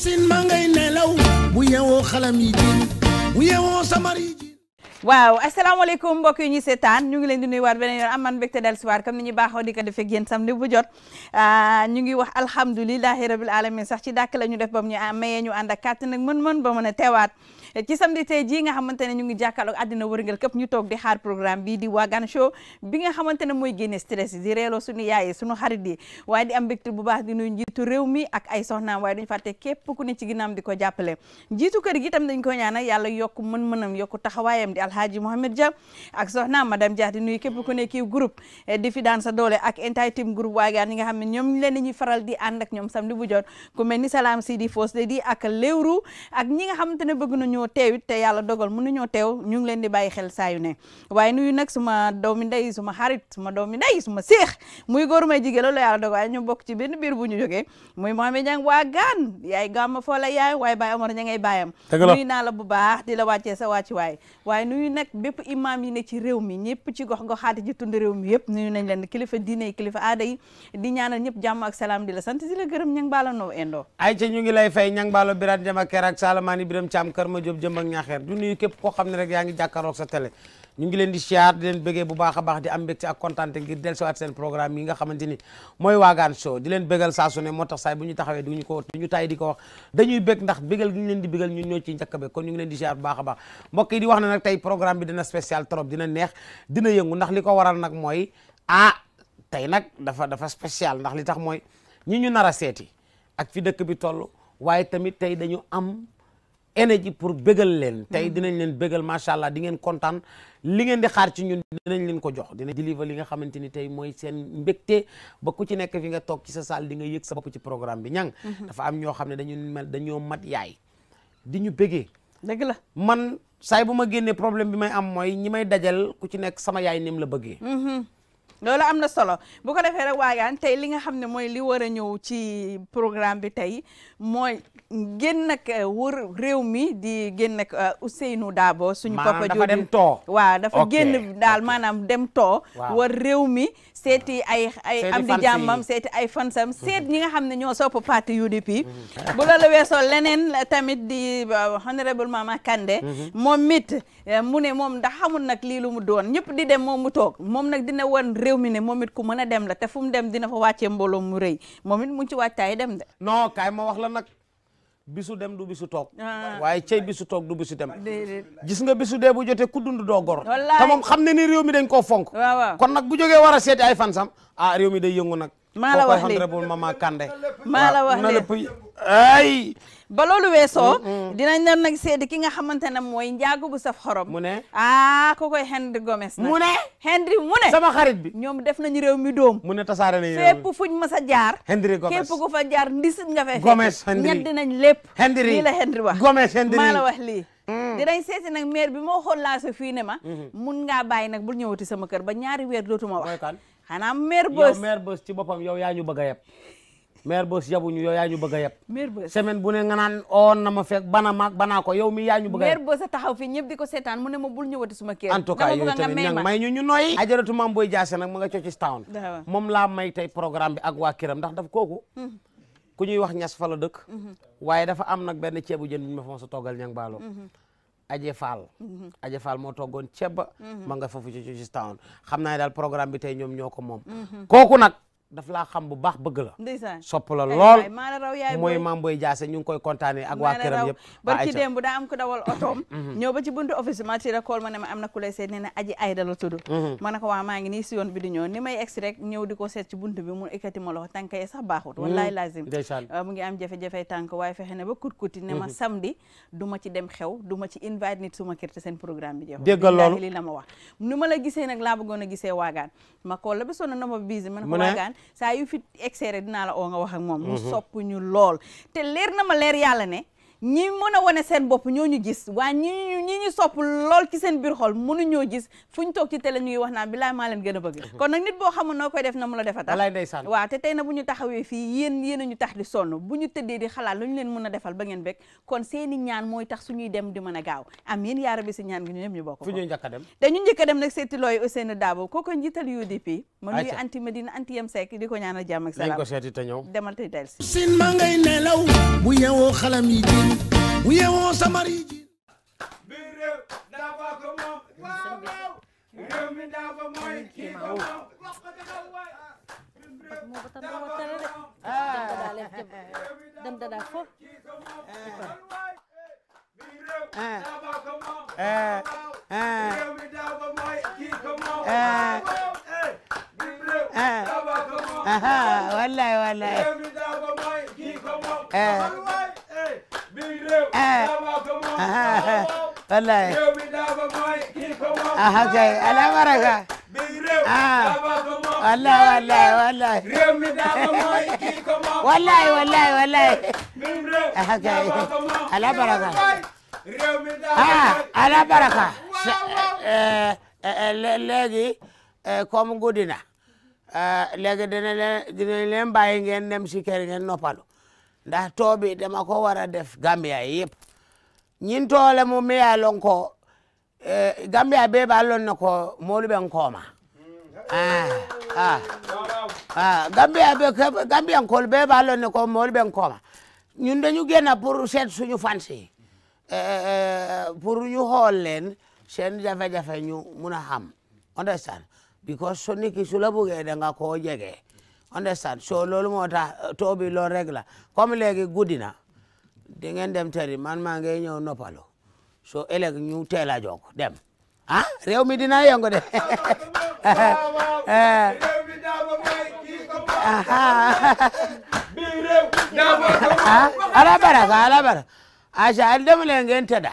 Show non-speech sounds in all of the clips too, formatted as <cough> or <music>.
sin ma ngay nelaw bu yewoo xalam yi jiin bu yewoo samar yi jiin waaw asalaamaaleykum mbokk yi ñuy seetaan ñu ngi leen di nuyuwaat beneen yoon am man mbégte del soir comme ni ñu baaxoo di ko defee ak yéen samedi bu jot ah, ñu ngi wax alhamdulilahi rabil alamin sax ci dàkk la ñu def bam ñu ah, mayee ñu ànd ak kàttan mën-mën ba mën a teewaat ci samedi tey jii nga xamante ne ñu ngi jàkkaarloog àddina wërngal këpp ñu toog di xaar programme bi di Wagan Show bi nga xamante ne mooy génne stress di reeloo suñu yaay suñu xarit yi waaye di am mbégte bu baax di nuyu njiitu réew mi ak ay soxnaam waaye duñu fàtte képp ko jàppale njiitu kër gi itam dañ yokku mën-mënam di alhaaji Mohamed Dia ak soxnaam madame Dia di nuyu képp ku ne kii eh, di fi sa doole ak entire team groupe Wagan ñi nga xam ne ñoom ni Salam di ak léewru ak ñi nga mënuñoo teew it te yàlla dogal mënuñoo teew ñu ngi leen di bayyi xel sa yu ne waye nuyu nak suma doomi ndey suma xarit suma doomi ndey suma seex muy goor may jigeel loolu yalla dogal ñu bok ci benn bir bu ñu jógee muy mohammed jang wa gan yaay gam fo la yaay waaye Baye Omar ñay ngay nuyu na la bu baax di la wacce sa wàcci waay waye nuyu nak bépp imam yi ne ci rew mi ñepp ci gox xati ci tund rew mi yépp nuyu nañ leen kilifa diine kilifa aada yi di ñaanal ñepp jamm ak salam di la sant di la gërëm ñang baalo endo endoo ay ci ñu ngi lay fay ñang balo birat jama salamani biram cham kër jëm jëm ak ñaaxeer du nuyu kep ko xamne rek yaangi jakkarok sa télé ñu ngi leen di xiar di leen bëggé bu baaxa baax di am mbégte ak contenté ngir delsu dellusiwaat sen programme yi nga xamanteni moy waagan show di leen bëggal sa suné ne moo tax saay bu ñu taxawee duñu ko ñu tay di ko wax dañuy bëgg ndax bëggal gi ñu leen di bëggal ñu ñoo ci njëkk be kon ñu ngi leen di xiar bu baaxa baax mbokk yi di wax na nak tay programme bi dina spécial trop dina neex dina yëngu ndax liko waral nak moy ah tay nak dafa dafa spécial ndax li tax moy ñi ñu nara séti ak fi dëkk bi tollu waye tamit tay dañu am Energy pour bëggal leen mm-hmm. tay dinañ leen ma sha allah di ngeen contane li ngeen di xaar ci ñun dinañ leen ko jox dinañ deliver li nga xamanteni tay moy seen mbekté ba ku ci nekk fi nga tok ci sa salle di nga yëg sa bop ci programme bi ñang mm-hmm. dafa am ño xamne dañu mel dañu mat yaay di ñu bëggé dëgg la man say buma ma problème bi may am moy ñi may dajal ku ci nekk sama yaay nim la begi. loolu am na solo bu ko defee rek waagaan tey li nga xam ne mooy li war a ñëw ci programme bi tey mooy génn ak euh, wër réew mi di génn ak euh, Ousseynou Dabo suñu papa jooju dafa dem too waa dafa génn daal maanaam dem too wër réew mi seeti ay ay am di jàmmam seeti ay fansam mhm. seet ñi nga xam ne ñoo sopp parti UDP mhm. bu loolu weesoo leneen tamit di euh, honorable Mama kande mhm. moom mit mu ne moom ndax xamul nag lii lu mu doon ñëpp di dem moom mu toog moom nag dina won réew mi ne moom it ku mën a dem la te fu mu dem dina fa wàccee mbooloo mu rëy moom it mu ci wàccaay dem de. non kaay ma wax la nag bisu dem du bisu toog. Ah. waaye cey bisu toog du bisu dem. gis bisu dee bu jotee ku dund doo gor. te moom xam ne ni réew mi dañ koo fonk. waaw kon nag bu jógee war a seeti ay fan sam ah réew mi day yëngu nag. maa la wax léegi kooku ay honorable Mama Kandé. maa la ah, wax ay. ba loolu weesoo mm, mm. dinañ leen nag seedi ki nga xamante ne mooy njaago bu saf xorom mu ne ah ku koy Henry Gomez nag mu ne Henry mu ne sama xarit bi ñoom def nañu réew mi doom mu ne tasaare nañu fépp fuñ mas a jaar Henry Gomez képp ku fa jaar ndisit nga fee Gomez Henry ñett lépp Henry lii la Henry wax Gomez Henry maa la wax lii mm. dinañ seeti nag maire bi moo xool laa fii ne ma mm-hmm. mun ngaa bàyyi nag bul ñëw ñëwati sama kër ba ñaari weer dootuma wax xanaa maire bës yow maire bës ci boppam yow yaa ñu bëgg a yeb maire boss yabuñu yow yaa ñu bëgg yeb. maire boss semaine bu ne nga nan on na ma fek bana mak bana ko yow mi yañu bëgg mer yeb. maire taxaw fi ñepp di sétan mu ne ma bul ñëwati suma kër. en tout cas yow tamit ñang may ñu ñu noy ajaratu mam boy jassé nak ma nga ci town. mom la may tay programme bi ak wa kërëm ndax daf koku hmm. ku ñuy wax ñass fa dëkk. Hmm. waye dafa am nak ben ciébu jeen ma fa sa togal ñang balo hmm. Aje Fall. Aje Fall mo togon ceeb ma nga fofu ci ci town xamna dal programme bi tay ñom ñoko mom koku nak daf laa xam bu baax bëgg la. ndeysaan sopp la lool mooy maam Boy Jaase ñu koy kontaanee ak waa këram yëpp. barki démb daa am ku dawal otoom. <laughs> Mhm. ñëw ba ci buntu office ma ci récolte ma ne ma am na ku lay seet nee aji ayda la tudd. Mhm. ma ne ko waa maa ngi nii si yoon bi di ñëw ni may egsi rek ñëw di ko seet ci buntu ma loxo tànk yi baaxut. Mhm. wallaay lazim am jafe-jafe tànk waaye fexe ba kut kuti ne ma samedi du ma ci dem xew du ma ci invite nit suma kër seen programme bi jeexul. déggal loolu li ma nu ma la gisee nag laa bëggoon a gisee waagaan ma kool la ba sonn saa yu fi exeré dinaa la oo nga wax ak moom mu mhm. sopp ñu lool te leer na ma leer yàlla ne ñi mën a wane seen bopp ñoo ñu gis waaye ñi ñu sopp lool ci seen biir xol mënuñoo gis fu ñu toog ci télé ñu wax naan bilaay maa leen gën a bëgg <laughs> kon nag nit boo xamul noo koy def na mu la defa tax walaay ndeysaan waaw te tey na bu ñu taxawee fii yéen yéen a ñu tax di sonn bu a defal ba ngeen bekk kon seeni ñaan mooy tax suñuy dem di mën a gaaw amiin yaa rabbi si ñaan gi ñu ñëpp ñu bokk fu ñuy njëkk a dem te ñu njëkk a dem nag seeti looy Ousseynou Dabo kooku njiital ma nuyu anti Medina anti yam Seck di ko ñaanal jàmm ak salaam nañ ko seeti xalam yi mu yeewoo samari ji biir réew dafa ko moom waaw waaw réew mi dafa mooy kii ko moom wax ko dafa waay mo bata mo tere rek dada lef dem dada fo ah ah ah réew mi dafa mooy kii ko moom ah ah wallahi wallahi réew mi dafa mooy kii ko moom wallahi aha kai al'amara ka wallahi wallahi wallahi wallahi wallahi wallahi aha kai al'amara ka ah al'amara ka léegi comme guddi na léegi dina leen dina leen bàyyi ngeen dem si kër ngeen noppalu ndax toobi dama ko war a def Gambia yëpp ñin toole mu miya lon ko e, be ba na ko moolu ben kooma ah ah ah be Gambia na ko moolu ben kooma ñun dañu génn pour seet suñu fansi eh, pour ñu xool leen sen jafe-jafe ñu mun a xam understand because so niki su la bëggee da nga jege understand so lolou motax eh, to bi lo rek la comme legui goudina di ngeen dem teri man ma ngay ñew nopalo so eleg ñu téla jox dem ah rew mi dina yengu de <laughs> ah ala bara ala bara aja al dem le ngeen teda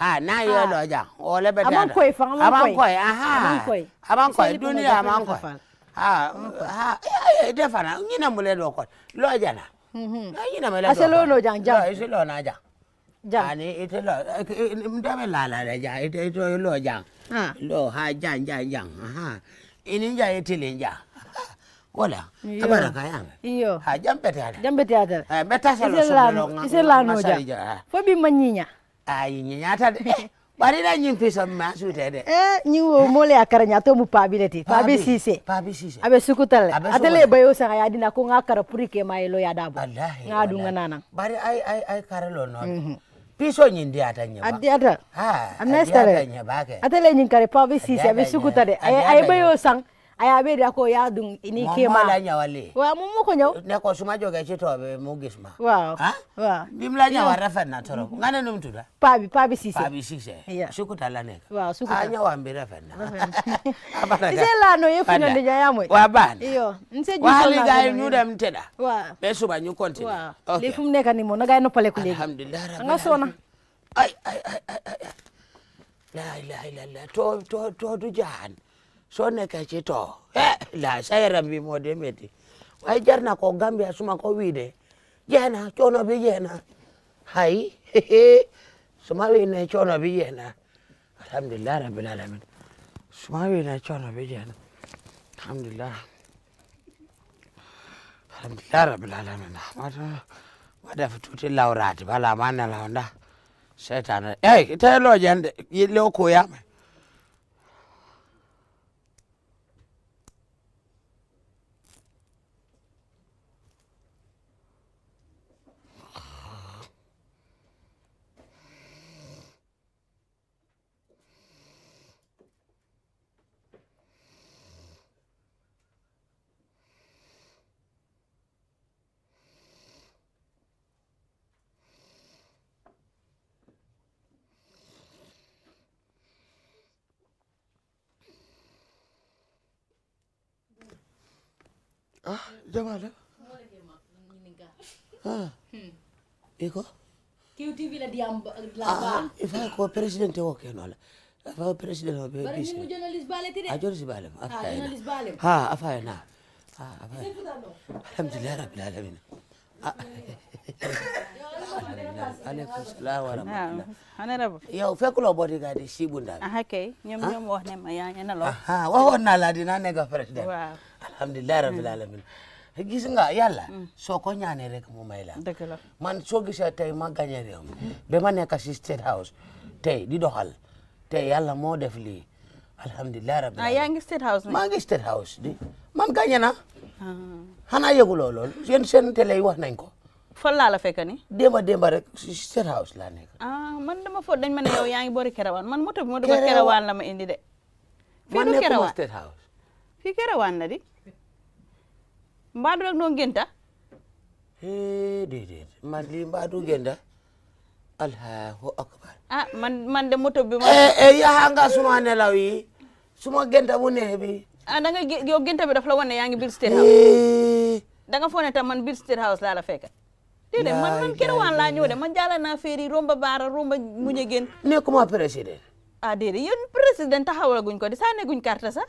ha na yo lo ja o le be da amon koi fang amon koi, aha aman koy duni aman koy ha ha e de fana nyina mule do ko lo ja na mhm nyina mule do aselo lo ja ja isi lo na ja ja ani ite lo mda be la la ja ite ite lo ja ha lo ha ja ja ja aha ini ja ite le ja wala abara kaya iyo ha jambete ada jambete ada eh beta selo selo nga ise la no ja fo bi manyinya ayi nyata de eh, bari na nyimpi so ma su de de eh nyi wo mole akara nyato mu pabi de ti pabi sise pabi sise abe sukutal atele bayo sa ya dina ko ngakara puri ke mai lo ya dabo wallahi ngadu nganana bari ay ay ai lo no mhm. piso nyin dia ada nyaba adi ada ha amnesta de atele nyin kare pabi sise abe sukutal ay ai ai bayo sang aya bedi ako ya dum ini kema la nyawale wa mumu ko nyaw ne ko suma joge ci tobe mu gisma wa wa bim la nyawa rafa na toro ngana num tuda pabi pabi sise pabi sise shuku tala ne wa suku a wa mbi rafa na abana <laughs> ga la no yefu na de ya mo wa ban iyo nse ju wa li ga nyu dem teda wa be ba nyu konti wa le fum ne ni mo na ga no pale ku alhamdulillah nga sona ay ay ay la ilaha illallah to to to du jahan so ne to la sai bi mo de meti wai jarna ko gambia suma ko wide jena chono bi jena hai suma wi ne chono bi jena alhamdulillah rabbil alamin suma wi ne chono bi jena alhamdulillah alhamdulillah rabbil alamin mata mada fituti laurati bala mana laonda setan eh telo jande lo koyame jamaala ah. ah, ah. ha e ko kewtivi la diyam la il faut ko président o kenola afa président o ɓe bara mimo journaliste balete de a journaliste balem journaliste balem ha a fayana ha a fay alhamdulillah rabbil alamin aleykum salam wa rahmatullah honorable yow fekkulo bodigadi siɓundaɓe aha kay ñom ñom wax nema yañanalo ha wa honnaladi na nega président alhamdulillah rabbil alamin gis nga yàlla. Mm. soo ko ñaanee rek mu may la. dëgg la man soo gisee tey ma gagné réew mi. ba ma nekk si state house tey di doxal tey yàlla moo def lii alhamdulilah rabbi. ah yaa ngi state house. maa man gañe na. Ah. xanaa yëguloo lool seen seen télé yi wax nañ ko. fan laa la fekk ni démba démba rek si state house laa nekk. ah man dama foog dañ ma ne yow yaa ngi boori kerawaan man moto bi ma dugg kerawaan la ma indi de. fii du kerawaan di. mbaa du rek noo ngénta déedéet man lii mbaa du ngénta akbar ah man man de moto bi ma eh, eh, yaxa nga suma nelaw yi suma genta bu neex bi ah da genta bi daf la wane yaa ngi biir state house da nga foo ne laa la fekk déedéet man man kerewaan laa ñëw man jaala naa féeri romba baara romba muñe gen nekkuma président ah déedéet yéen président taxawal guñ ko di sànne guñ carte sax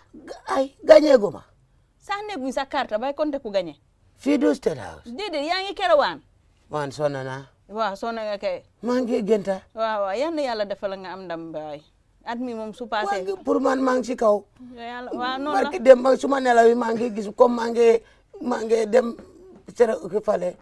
ay gañeeguma saan sax neguñ sa carte bay konte ku gagné. fii du State House. déedéet yaa ngi kerewaan. waan sonn naa. waa sonn nga kay. maa ngi gënta. waaw waaw yal na yàlla defal nga am dam baay. at mi moom su paasee. pour man maa ngi si kaw. yàlla dem su ma nelaw yi maa ngi gis comme maa ngi maa ngi fale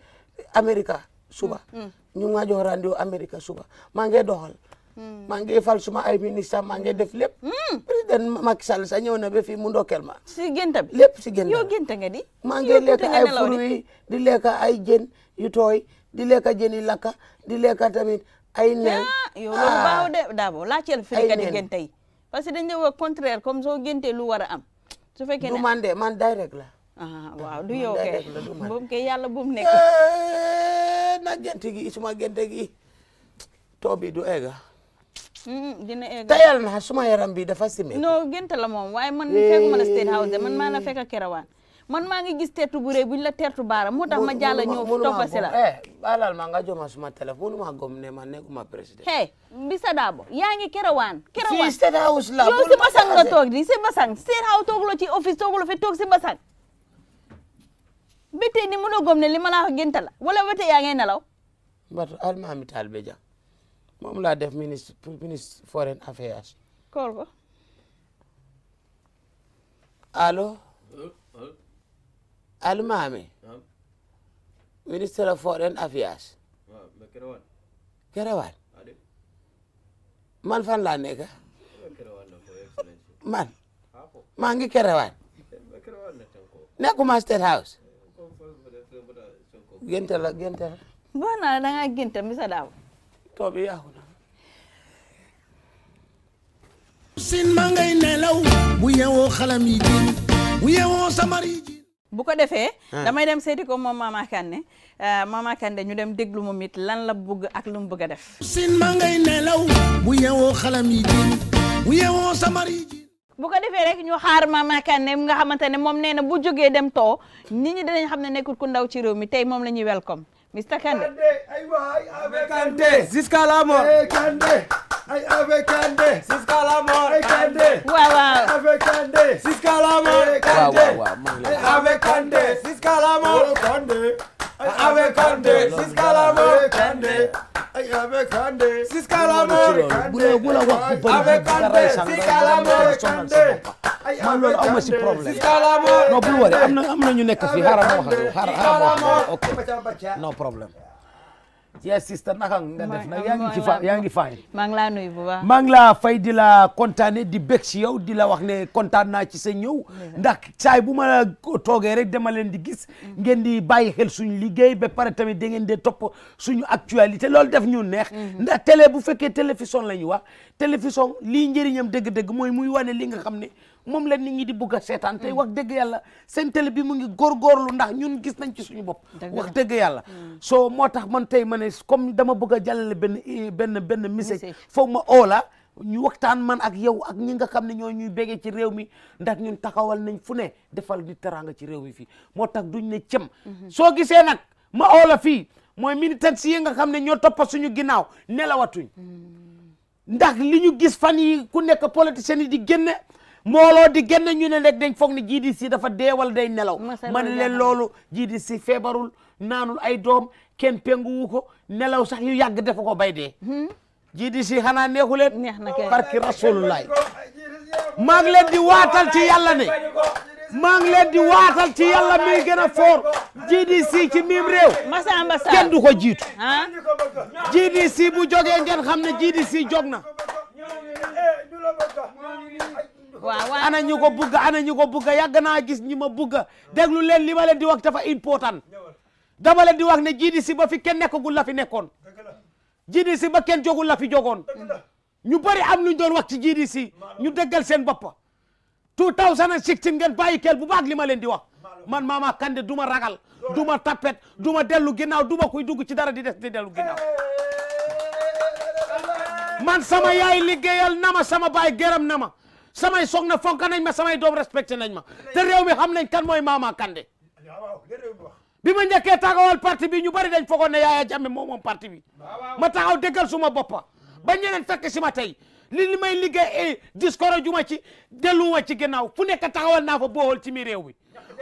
Amérique suba. Mm, mm. ñu ngi ma jox rendez suba maa ngi doxal. Hmm. mangi fal suma ay ministre mangi def lepp hmm. president Macky Sall sa ñew na be fi mu ndokel ma. si genta bi lepp si genta yo genta nga di. mangi lek ay fruits di lek ay jën yu toy di lek jën yu laka di lek tamit ay ne ya, yo lu ah. baaw de la laajteel fi ka di génta yi parce que dañu wax contraire comme so genté lu wara a am. su fekké ne du man man direct la. ah, ah waaw du yow kay boobu ke yalla bu mu na gént gi suma gént gi tobi du ega dina egg tayal na suma yaram bi dafa sime no genta la mom waye man fekkuma la state house de man maa la fekk kerawaan man ma ngi gis teertu bu rëy buñ la teertu baara moo tax ma jàll ñëw toppasi la eh balal ma nga joma suma telephone ma gom ne man neku ma nekkuma président hey Bisa Dabo ya ngi kerawan kerawan kerawaan state house la yow si basang nga tok di si basang state house tok lo ci office tok lo fi tok si basang bété ni mëno gom ne li ma la genta la wala wété ya ngay ngi nelaw mbatu almaami taal jang moom laa def ministre pour ministre foreign affairs. koor ba. allo. almaami. ministre foreign affairs. Kerewan. man fan laa nekk man maa ngi Kerewan. nekkuma State House. Eh, gént la gént la. boo xam ne toobi yaaxu na sin ma ngay nelaw bu yewoo xalam yi jiin bu yewoo samar bu ko defee ah. damay dem seeti ko moom Mama Kandeh ah, Mama Kandeh ñu dem déglu moom it lan la bëgg ak lu mu bëgg a def sin ma ngay nelaw bu yewoo xalam yi jiin bu yewoo samar yi jiin bu ko defee rek ñu xaar Mama Kandeh nga xamante ne moom nee na bu jógee dem too nit ñi dinañ xam ne nekkul ku ndaw ci réew mi tey moom la ñuy welcome Mr. Kande. Kande. Ziska Lamon. Hey, Kande. I have a candy. Ziska Lamon. Hey, Kande. Wow, wow. I have a candy. Ziska Lamon. Hey, Kande. Wow, wow, wow. I have a candy. Ziska Lamon. Oh, Kande. I have a candy. Ziska Lamon. Kande. I have a candy. Ziska Lamon. Kande. I have a candy. Ziska Lamon. Kande. man loolu aw ma si problème am na am na ñu nekk fii xaaral ma wax ak yaa ngi fa yaa fay. maa ngi laa nuyu ngi laa fay di la kontaane di bég si yow di la wax ne kontaan naa ci sa ñëw. ndax saay bu ma toogee rek dama leen di gis. ngeen di bàyyi xel suñ liggéey ba pare tamit da ngeen di topp suñu actualité loolu def ñu neex. Mhm. ndax télé bu fekkee télévision la ñu wax télévision lii njëriñam dëgg-dëgg mooy muy wane li nga xam ne. moom la nit ñi di bugg a seetaan tey mm. wax dëgg yàlla seen télé bi mu ngi góorgóorlu ndax ñun gis nañ ci suñu bopp wax dëgg yàlla mm. soo moo tax man tey ma ne comme dama bëgg a jàllale benn benn benn message foog ma oola ñu waxtaan man ak yow ak ñi nga xam ne ñoo ñuy béggee ci réew mi ndax ñun taxawal nañ fu ne defal di teranga ci réew mi fii moo tax duñ ne cem mm-hmm. soo gisee nag ma ola fii mooy militant si yi nga xam ne ñoo toppa suñu ginnaaw nelawatuñ mm. ndax li ñu gis fan yi ku nekk politicien yi di génne mbooloo di génn ñu ne rek dañ foog ne GDC dafa deewal day nelaw ma ne leen loolu GDC feebarul naanul ay doom kenn penguwu ko nelaw sax yu yàgg dafa ko bay dee hmm? GDC xanaa neexu leen barki rasulullah maa ngi leen di waatal ci yàlla ne maa ngi leen di waatal ci yàlla mi gën a foor GDC ci miim réew kenn du ko jiitu GDC bu jógee ngeen xam ne GDC jog na ana ñuko ko ana ñuko ko yag na gis ñima ma bugga déglu leen li di wax dafa important dama leen di wax ne si ba fi kenn gula la fi jidi si ba kenn jogul la fi jogon ñu bari am luñ doon wax ci si ñu déggal seen boppa 2016 ngeen bàyyi kel bu baax li ma di wax man Mama kande duma ragal duma tapet duma delu ginaaw duma kuy dugg ci dara di def di delu ginaaw man sama yaay liggeyal nama sama bay geram nama samay na soxna fonk nañ ma samay doom respecté nañ ma te réew mi xam nañ kan mooy maamaa kan Kandeh bi ma njëkkee taxawal parti bi ñu bari dañ foogoon ne Yaya Jammeh moom moom parti bi ma taxaw déggal suma boppa ba ñeneen fekk si ma tey li li may liggéey eh, discours ju ma ci dellu delluwuma ci ginnaaw fu nekk taxawal naa fa boowal ci mi réew mi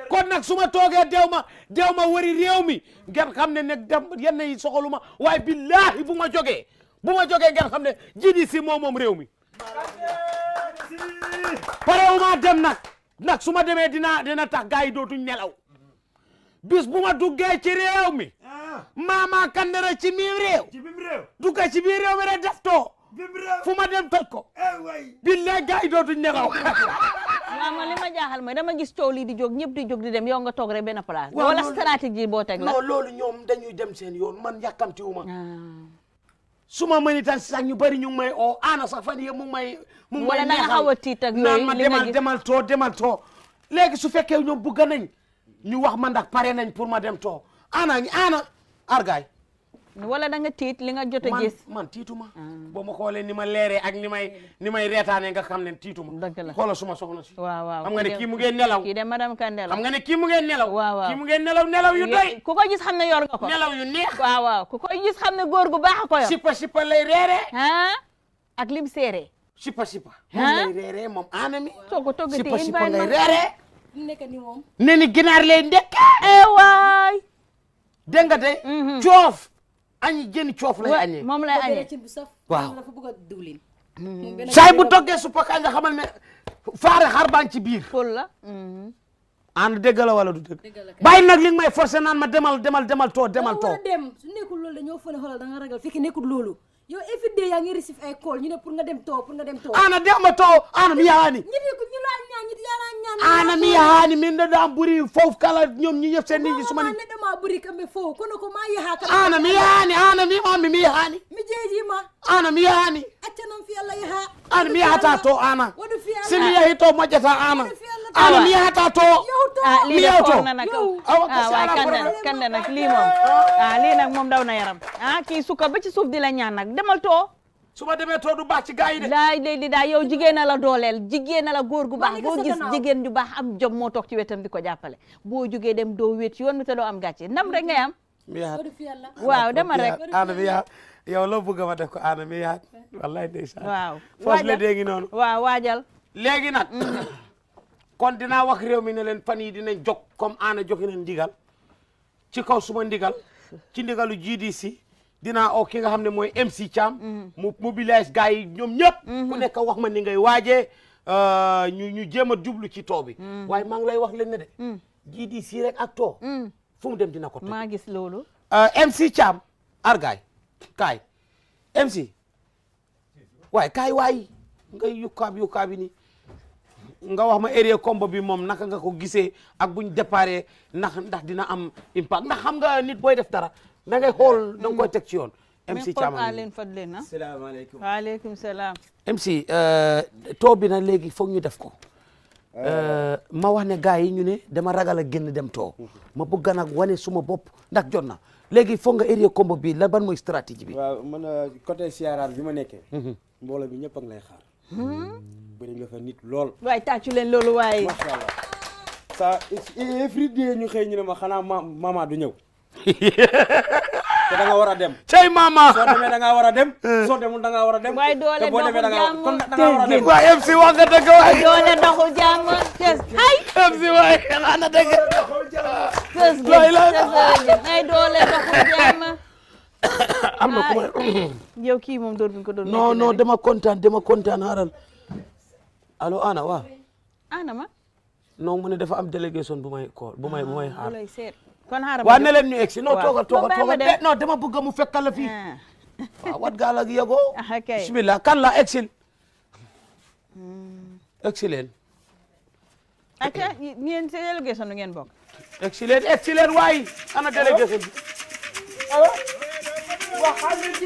kon nag su ma toogee deew ma deew ma wari réew mi ngeen xam ne nag dem yenn yi soxalu ma waaye billaahi bu ma jógee bu ma jógee ngeen xam ne ji di si moom réew mi parewuma dem nag nag su ma demee dina dina tax gars yi dootuñ nelaw bis bu ma duggee ci réew mi ah. Mama Kandera ci mi réew duggee ci biir réew mi rek def too fu ma dem toj ko eh, billaay gars yi dootuñ nelaw waaw <laughs> man li ma jaaxal mooy dama gis coow lii di jóg ñëpp di jóg di dem yow nga toog rek benn place wala stratégie boo teg la non loolu ñoom dañuy dem seen yoon man yàkkamtiwuma ah. su suma mënita sax ñu bari ñu may oo ana sax fan yii mu ngi may. mu ngi may neexal naan ma demal demal too demal too. léegi su fekkee ñoom bugga nañ ñu wax man ndax pare nañ pour ma dem too ana ana argaay wala da nga tiit li nga jot a man tiitu ma ah. boo ma xoolee ni ma leeree ak ni may ni may reetaane nga xam ne tiitu ma dëgg la xoola suma soxna si waaw waaw xam nga ne kii mu nelaw de madame ne kii mu ngeen nelaw waaw waaw kii mu yu doy ku ko gis xam ne yor nga ko nelaw yu neex waaw waaw ku ko gis xam ne góor gu baax a ko yor sipa sipa lay reeree ah ak lim seeree sipa sipa ah? moom lay reeree moom aana mi soo ko togg sipa sipa lay reeree nekk ne ni ginaar lay de eh, waay dégg nga tey mhm. coof añ jën coof la añee moom lay añee waaw hmm. saay bu toggee suppa kañ nga xamal ne faare xar baa ngi ci biir pol la hmm. ànd dégg la wala du dégg bàyyi nag li nga may forcé naan ma demal demal demal too demal too dem su nekkul loolu dañoo fële xoolal da nga ragal fekk loolu yow every day yaa ngi receive ay call ñu ne pour nga dem too pour nga dem too ana dema too ana mi yaani ñiti ko ñu la ñaan ñiti yàlla ñaan ana mi yaani min da dam buri foof kala ñoom ñi ñëpp seen nit ñi suma ni ne dama buri kambe foof kono ko ma yaha kala ana mi yaani ana mi ma mi yaani mi jeeji ma ana mi yaani accanam fi yàlla yaha ana mi yaha ta too ana simi yahi too majjata ana ana mi yahata to mi yewto ah, awa ah, waaw kande kande nag lii moom ah lii nag moom daw na yaram ah ki suka ba ci suuf di la ñaan nag demal too su ma demee too du baax ci gars yi de daay day di daay yow jigéen la dooleel jigéen a la góor gu baax boo gis jigéen ju baax am jom moo toog ci wetam di ko jàppale boo jógee dem doo wéet yoon mi te doo am gàcce ndam rek ngay am mi yaat waaw demal rek ana mi yaat yow loo bëgg ma def ko ana mi yaat wallahi ndeysaan waaw foos la dee ngi nag mm-hmm. kon dinaa wax réew mi ne leen fan yi dina jog comme ana joxe na ndigal ci kaw suma ndigal ci ndigalu GDC dinaa oo ki nga xam ne mooy MC Cham mhm. mu mobilise gars yi ñoom ñëpp nekka mhm. nekk wax ma ni ngay waajee euh, ñu ñu jéem a jublu ci too bi mhm. waaye maa ngi lay wax leen ne de GDC rek ak too fu dem dina ko maa gis loolu euh, MC Cham argaay kaay MC waaye kaay waay ngay yukkaab yukkaab yi nga wax ma area combo bi moom naka nga ko gisee ak buñ déparé ndax ndax dina am impact ndax xam nga nit booy def dara da ngay xool da nga koy teg ci yoon MC Thiaman leen fadle na salaamaaleykum waaleykum salaam MC euh, too bi na léegi foog ñu def ko euh, ma wax ne gars yi ñu ne dama ragal a génn dem too ma bëgg nag wane suma bopp ndax jot na léegi foog nga area combo bi la ban mooy stratégie bi waaw man euh, côté siyaaraat bi ma nekkee mhm. mbooloo bi ñëpp a ngi xaar hmm? bëri nga fa nit lool. waaye tàccu leen loolu waaye. macha allah saa every day ñu xëy ñu ne ma xanaa ma mama du ñëw. <laughs> te da nga war a dem. cey mama soo demee da nga war a dem. <laughs> Eh. soo demul da nga war a dem. waaye doole doxul jàmm kon da nga war a dem. waaye MC wax nga dëgg waay. doole doxul jàmm kës ay. MC waay xanaa na dëgg. kës gi ah. ay doole doxul jàmm. <coughs> am na ku ma <coughs> yow kii moom door bi ko doon. non non dama kontaan dama kontaan xaaral. alo Anna waaw. Anna ma. non mu ne dafa am délégation bu may ko bu may bu may ah, xaar. kon xaaral ma waaw ne leen ñu egg de eh, non dama bëgg mu fekkal la fii. Ah. <laughs> waaw wat gaal ak yegoo. <laughs> Ah, ok bisimilah kan la hmm. nu ngeen bokk. egg si leen egg leen waay ana délégation bi allo. waaw xam nga ci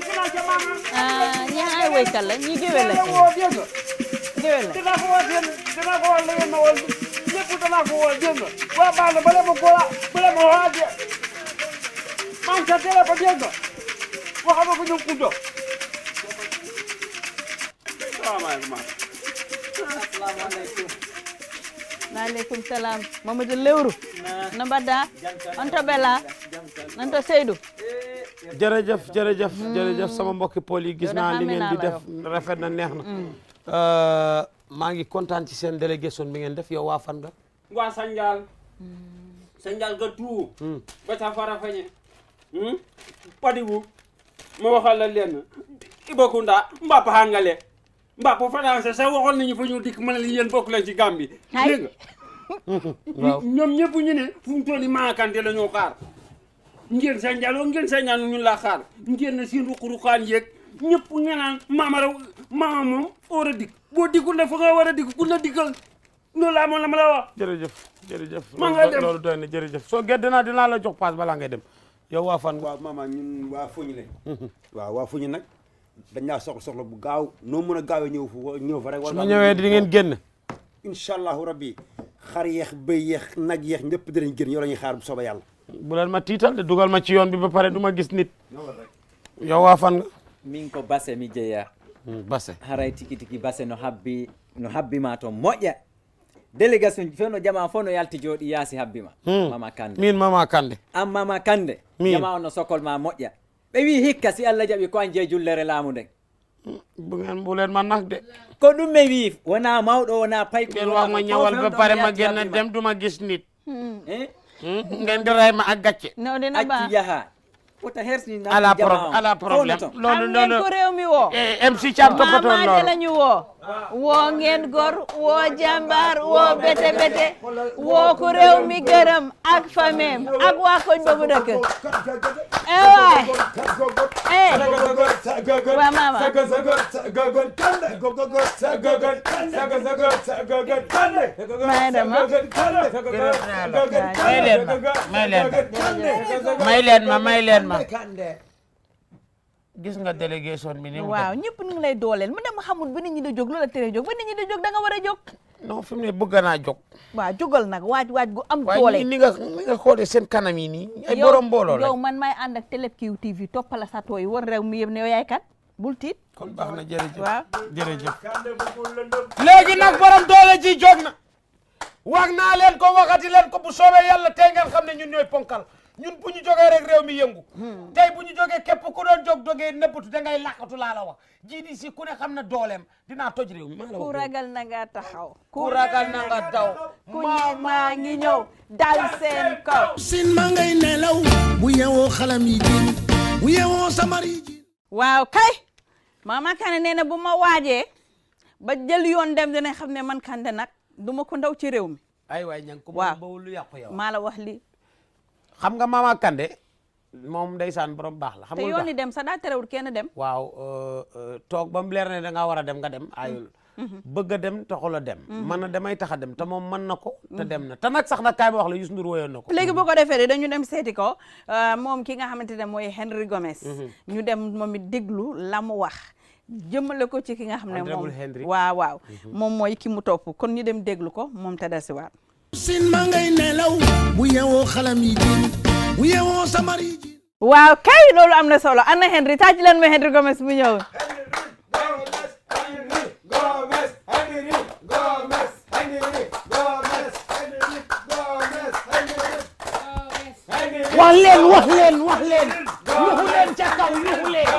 ginnaaw ca déwén la dinaa ko woo génn dinaa ko ko woo génn waa baax na bala ma góora bala ma waa de man sa télé ba dégg nga waxama ko ñoom Kounda. salaamaaleykum. asalaamaaleykum. maaleykum salaam. Mamadou Lewru. na Mbada. Anta Bella. Anta Seydou. Eh, jërëjëf jërëjëf. jërëjëf sama mbokki Pël yi gis naa li ngeen di def rafet na neex na. Mm. Eh, maa ngi ci sen délégation bi ngeen def yow wa fan nga. waa Sanjal. Sanjal ga tu hmm. ba hmm padi wu mo waxal la lenn Ibakunda mbaa ba hàngale mbaa mbap français sax ni ñu fa ñu dik man li la bokku len ci gambi dégg nga. <laughs> ñu ne fu ñu toli makante la ñoo xaar. ngeen sanjalo ngeen Sanjal ñu la xaar ngeen na seen ruq-ruqaan yek ñepp ñaan mamara maama wara dik bo dikul dig boo digul ne fa nga war a dig ku la digal loolu laa la ma la wax. jërëjëf jërëjëf. ma nga dem lolou doyna na jërëjëf soo gerte naa la jox pass bala nga dem yow wa fan. wa mama ñun wa fuñu le wa wa fuñu nak dañ na sox soxla bu gaaw no meuna a ñew fu ñew fa rek. su ñewé di ngeen genn inshallah rabbi xar yeex be yeex nak yeex ñepp di lañu genn yow lañu xaar bu soba yalla bu leen ma tital de dugal ma ci yoon bi ba pare duma gis nit. yow wa fan mi ngi ko base mi jëyaa Mm, base haray tigi tigi base no habbi no habbima to moƴƴa délégation feno jama fo no yalti jooɗi yaasi habbima mm. mama kande min mama kande an mama kande jama on no sokol ma moƴƴa ɓe wi hikka si allah jaɓi ko an jeey jullere laamu nden mm, bugen ɓulen ma nagde ko ɗum ɓe wi wona mawɗo wona paykoen wawma ñawal be bare ma gennen dem duma gisnit e eh? gen ndira ma a gacce noɗenaaci yaha ala pro ala problème loolu loolu MC eh, Thiam toppatoo loolu woo ngeen gor woo jàmbaar woo bete bete woo ku réew mi gërëm ak fameem ak waa koñ boobu dëkk eh waay eh waa maama may leen ma may leen ma may leen gis nga délégation bi. ni mu waaw ñëpp ñu lay dooleel mu dem xamul ba nit da di jóg loola tere jóg ba nit da nga war a jóg. non fi ne bëgg naa jóg. waaw jógal nag waaj waaj gu am. doole waaye ni nga ni nga xoolee seen kanam yi nii. ay borom mbooloo la man may ànd ak Télé QTV toppala sa tooy war réew mu yëpp ne yow yaay kan bul tiit. kon baax na jërëjëf waaw jërëjëf. léegi nag borom doole ji jóg na. wax naa leen ko waxati leen ko bu soobee yàlla tey ngeen xam ne ñun ñooy ponkal. ñun bu ñu jógee rek réew mi yëngu hmm. tey bu ñu jógee képp ku doon jóg dogee nëbbatu da ngay làqatu laa la wax jii ku ne na dooleem dinaa toj réew mi ku ragal na nga taxaw ku ragal na nga daw maa maa ngi ñëw dal seen kaw sin ma ngay nelaw bu yewoo xalam yi jin bu yewoo samar yi jin waaw kay maama Kane nee na bu ma waajee ba jël yoon dem dinañ xam ne man Kande nag du ma ko ndaw ci réew mi ay waay ñang ko waaw bawul lu yàqu yow wax li xam nga Mama Kandé moom ndeysaan borom baax la. xam nga te yoon dem sax daa terewul kenn dem. waaw euh, euh, toog ba mu leer ne da ngaa war a dem nga dem ayul. Mm-hmm. Mm-hmm. bëgg dem taxul a dem. Mm-hmm. man na damay tax a dem te moom mën na ko. dem na te nag sax nag kaay ma wax la Youssou Ndour woyoon na ko. léegi boo ko defee dañu dem seeti ko euh, moom ki nga xamante ne mooy Henry Gomez. ñu dem moom it déglu la mu wax. jëmale ko ci ki nga xam ne moom waaw waaw moom mooy ki mu topp kon ñu dem déglu ko moom te dasiwaat. sin ma ngay nelaw bu yeewoo xalam yi jiin bu yeewoo samar yi jiin waaw kay loolu am na solo ana Henry taaj leen ma Henry Gomez mu ñëw wax leen wax leen wax leen yuxu leen ca kaw yuxu leen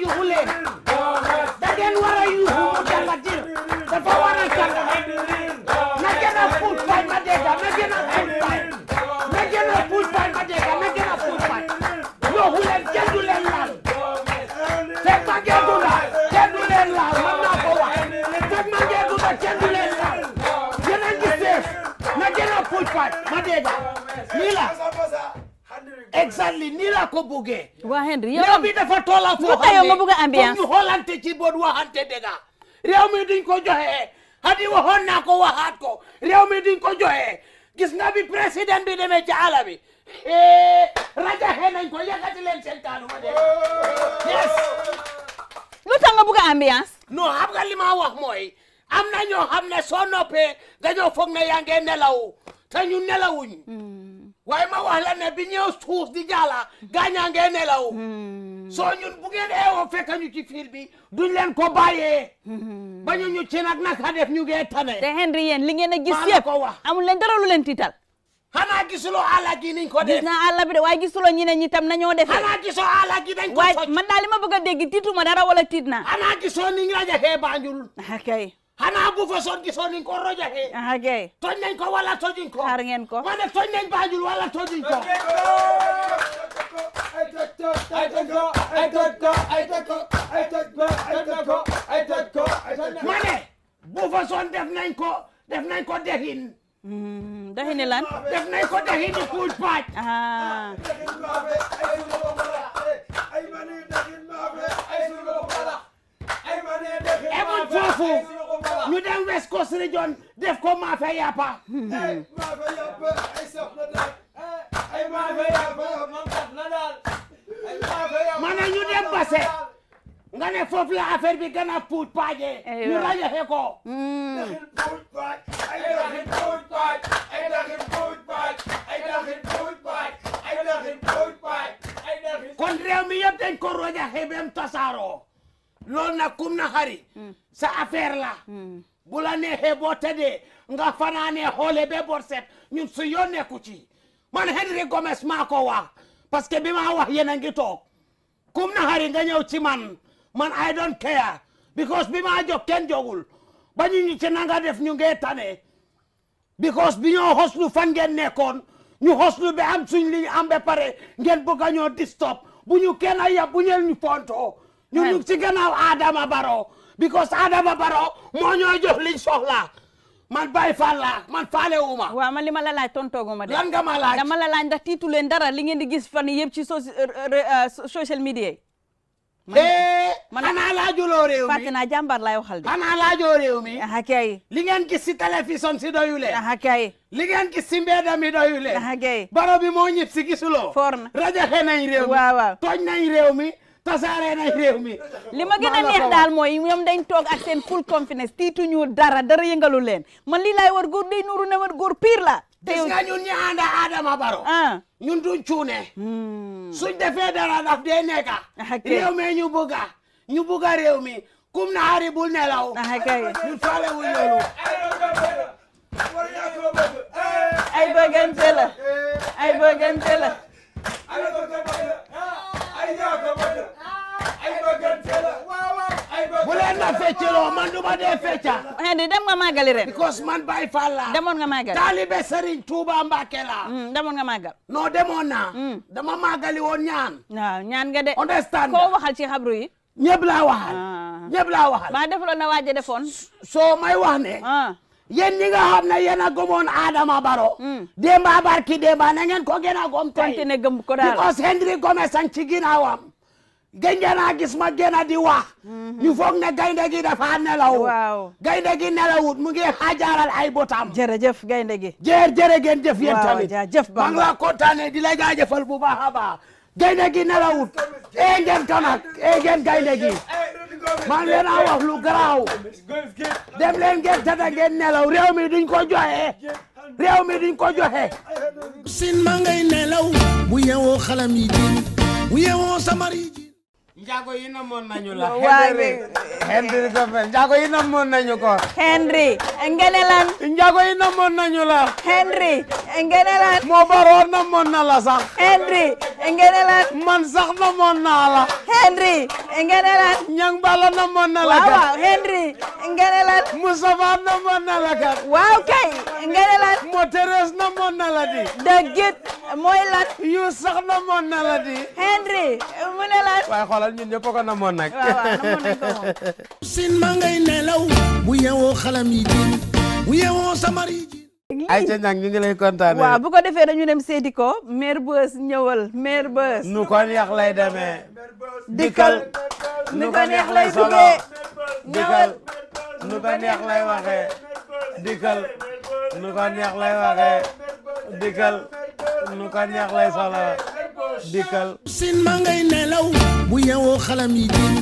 yuxu leen making a full fight. Making a full fight, Madeka, making a full fight. No, who let Kedu Lenlan? Take Magegula, Kedu Lenlan, Manapowa. Take Magegula, Kedu Lenlan. Kenan is safe. Making a full fight, Madeka. Mila. exactly nii ko bëggee. waa Henry yow réew mi boot waxante dëgg réew mi duñ ko joxe ati waxoon naa ko waxaat ko réew mi duñ ko joxe gis nga bi président bi demee ci àll bi rajaxe nañ ko yàkkati leen seen ma de yes lu tax nga bëgg ambiance non xam nga li mooy am na ñoo xam ne soo noppee dañoo foog ne yaa ngee nelaw nelawuñ hmm. waaye ma wax la ne bi ñëw suuf di jàlla gaañaa ngee nelaw hmm. soo ñun bu ngeen eewoo fekk ñu ci fiil bi duñ leen ko bàyyee hmm. ba ñu ñu ci nag naka def ñu ngee tane te Henry yéen li ngeen a gis yëpp amul leen dara lu leen tiital xanaa gisuloo a gi niñ ko def gis naa àll bi de waaye gisuloo ñi ne ñi tam nañoo defee xanaa gisoo àll gi dañ ko waaye man daal ma bëgg a dégg tiituma dara wala tiit naa xanaa gisoo niñ la jaxee Banjul xanaa bu fa soon gisoo ko rojaxee. ah toj nañ ko wala tojuñ ko. xaar ngeen ko ma ne ko. ay toj ko ay toj ko ay toj ko ay toj ko ay toj ko ay toj ko ay toj ko ay toj def nañ ko def nañ ko dexin. Hmm, dexini lan. paaj. emuñ foofu ñu dem West Coast Region def ko maafe yàppa mana ñu dem base nga ne foofu la affaire bi gën a puut paaje ñu rajaxe ko kon réew mi yëpp dañ ko rajaxe bem tasaaroo loolu nag kum na xari hmm. sa affaire la hmm. bu la neexee boo tëddee nga fanaanee xoole ba bor set ñun su yoon nekku ci man Henry Gomez maa ko wax parce que bi ma wax yéen a ngi toog kum na xari nga ñëw ci man man I don't care because bi ma jóg kenn jógul ba ñu ñu ci nanga def ñu ngee tane bi ñoo xoslu fan ngeen nekkoon ñu xoslu ba am suñ li am ba pare ngeen bëgg a ñoo di bu ñu kenn a yab bu ñel ñu fontoo ñu ngi ci gannaaw Adama Barrow because Adama Barrow moo ñoo jox liñ soxla man Baye Fall la man faale wu ma. man li ma la laaj tontóogu ma ma laaj dama la laaj ndax tiitu leen dara li ngeen di gis fan yëpp ci euh, social media yi. man xanaa laajuloo réew aha kay. li gis si télévision si doyule. aha kay. li gis si mbedd doyule. aha kay. baro bi moo ñib si gisuloo. for na rajo xëy nañ tasaare nañ réew mi. li ma gën a neex daal mooy ñoom dañ toog ak full confidence tiituñu dara dara yëngalu man lii war góor day nuuru ne man góor pire la. gis ñun ñi ànd Adama Barrow. ñun duñ cuune. suñ defee dara daf dee nekka. réew mi ñu buga ñu buga réew mi kum na hari bul nelaw. bu leen na feccloo man du ma dee fecca. Eh, di dem nga màggali ren. because man Baay Faal laa. demoon nga màggal taalibe Serigne mm, demoon nga màggal. non naa. Mm. dama màggali woon ñaan. waaw ñaan nga de. understand koo waxal ci xabru yi. ñëpp laa waxal. Ah. ñëpp waxal. maa defaloon na waaje defoon. soo may wax ne. Ah. yéen ñi nga xam ne a gëmoon Adama Baro. Mm. démba barki démba na ngeen ko gën a gëm tey. ko because Henry Gomez a ci ginnaawam. gaynde naa gis ma gen a di wax mhm. ñu foog ne gaynde gi dafa nelaw gaynde gi nelawut mu ngi xaajaaral ay botam jërëjëf gaynde gi jër jërë ngeen jëf yéen tamit jëf ba a kontaane di la jaajëfal bu baax a baax gaynde gi nelawut ee eh, ngeen kanak ee eh, ngeen gaynde gi maa ngi a wax lu garaaw dem leen ngeen tëdda nelaw réew mi duñ ko joxe réew mi duñ ko joxe sin ma ngay nelaw bu yeewoo xalam yi din bu yeewoo samar yi njaago yi namoon nañu la. Henry Henry Goffin njaago yi namoon nañu ko. Henry Ngenelan. njaago yi namoon nañu la. Henry Ngenelan. moo baroon namoon na la sax. Henry Ngenelan. man sax namoon naa la. Henry Ngenelan. ñang bala namoon na la kat. waaw waaw Henry Ngenelan. Mustafa namoon na la kat. waaw kay Ngenelan. moo Thérèse namoon na la di. dëgg it mooy lan. yu sax namoon na la di. Henry mu ne lan. waaye xoolal ñun ñëpp ko namoon nag. waaw ngay nelaw. bu yeewoo xalam bu yeewoo samari ay ca ñang ñu ngi lay kontaane waaw bu ko defee dañu dem seeti ko maire Beus ñëwal maire Beus nu ko neex lay demee Dikal nu ko neex lay duggee dikkal nu ko neex lay waxee dikkal nu ko neex lay waxee dikkal nu ko neex lay solo dikkal sin ma ngay nelaw bu yewoo xalam yi jin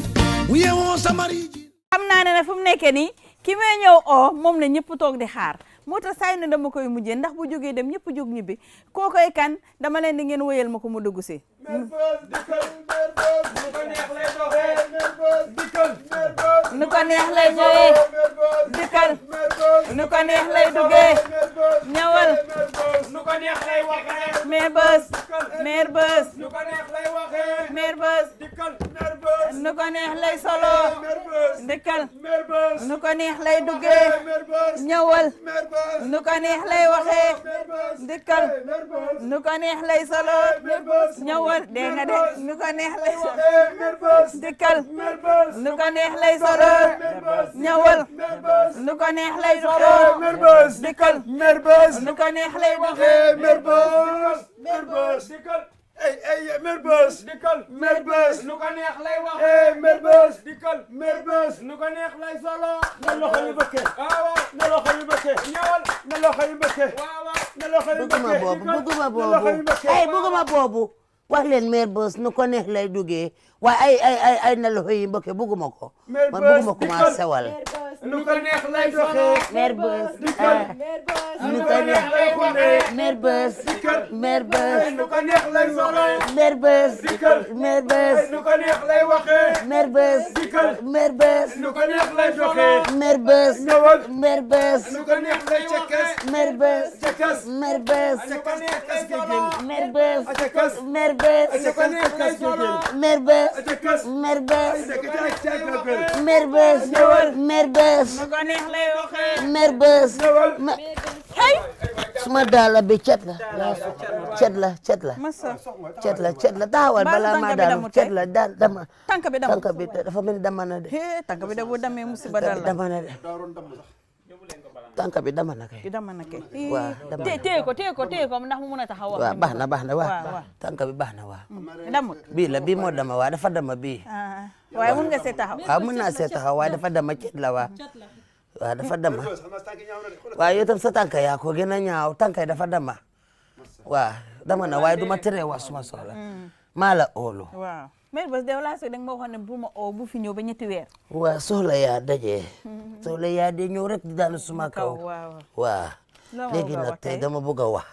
bu yewoo samar yi jin xam naa ne fu mu nekkee ki may ñëw oo moom la ñëpp toog di xaar moo tax saa yu ne dama koy mujjee ndax bu jógee dem ñëpp jóg ñibbi koo koy kan dama leen di ngeen wéyal ma ko mu dugg nu ko neex lay jógee dikkal nu ko neex lay duggee meer bës meer bës mer bës nu ko neex lay solo eh, ndikkal nu ko neex lay eh, duggee ñëwal nu ko neex lay waxee eh, ndikkal nu ko neex lay solo ñëwal dee nga de nu ko neex lay solo ndikkal nu ko neex lay solo ñëwal nu ko neex lay solo ndikkal nu ko neex lay waxee ndikkal ay ay Mermoz dikkal Mermoz lu ko neex lay wax Mermoz dikkal Mermoz lu ko neex lay solo na loxo yi bëkke ah, waaw na loxo yi bëkke ñëwal na loxo yi bëkke waaw na loxo yi bëkke bëgguma boobu bëgguma nu ko neex lay duggee waa ay ay ay ay na la hoyin bokke bëgguma ko man bëgguma ko ma sawal lu ko neex lay doxee mère bës lu ko neex lay xone mère bës mère bës lu ko neex lay solo mère bës mère bës lu ko neex lay waxee mère bës mère bës lu ko neex lay joxee mère bës ñëwal mère bës lu ko neex lay cekkas mère bës cekkas mère bës cekkas mère bës mère bës lu ko neex lay solo mère bës Merbees Merbees Merbees Merbees hey suma daala bi cet la cet la cet la cet la cet la taxawal balaa maa daal cet la daal dama tànk bi dafa mel ni dama na tànk bi dafa damee musiba daal la dama na de tànk hmm. bi dama na kay. dama na kay waaw dama na kay mu mën a taxawoo. waaw baax na baax na waaw tànk bi baax ah, ah. na waaw. bii la bii moo dama waaw dafa dama bii. waaye mun nga see taxaw. Ah, mun naa see taxaw waaye dafa dama cet la waaw. waaw dafa dama waaw yow tam sa tànk yaa ko gën a ñaaw tànk yi dafa dama waaw dama na waaye du ma teree wax suma soxla hmm. maa oh, la mais bés deu la soog da ma waxoon bu ma bu fi ñëw ba ñetti soxla soxla ya de rek di daanu suma kaw. wa waaw. léegi nag dama bëgg wax.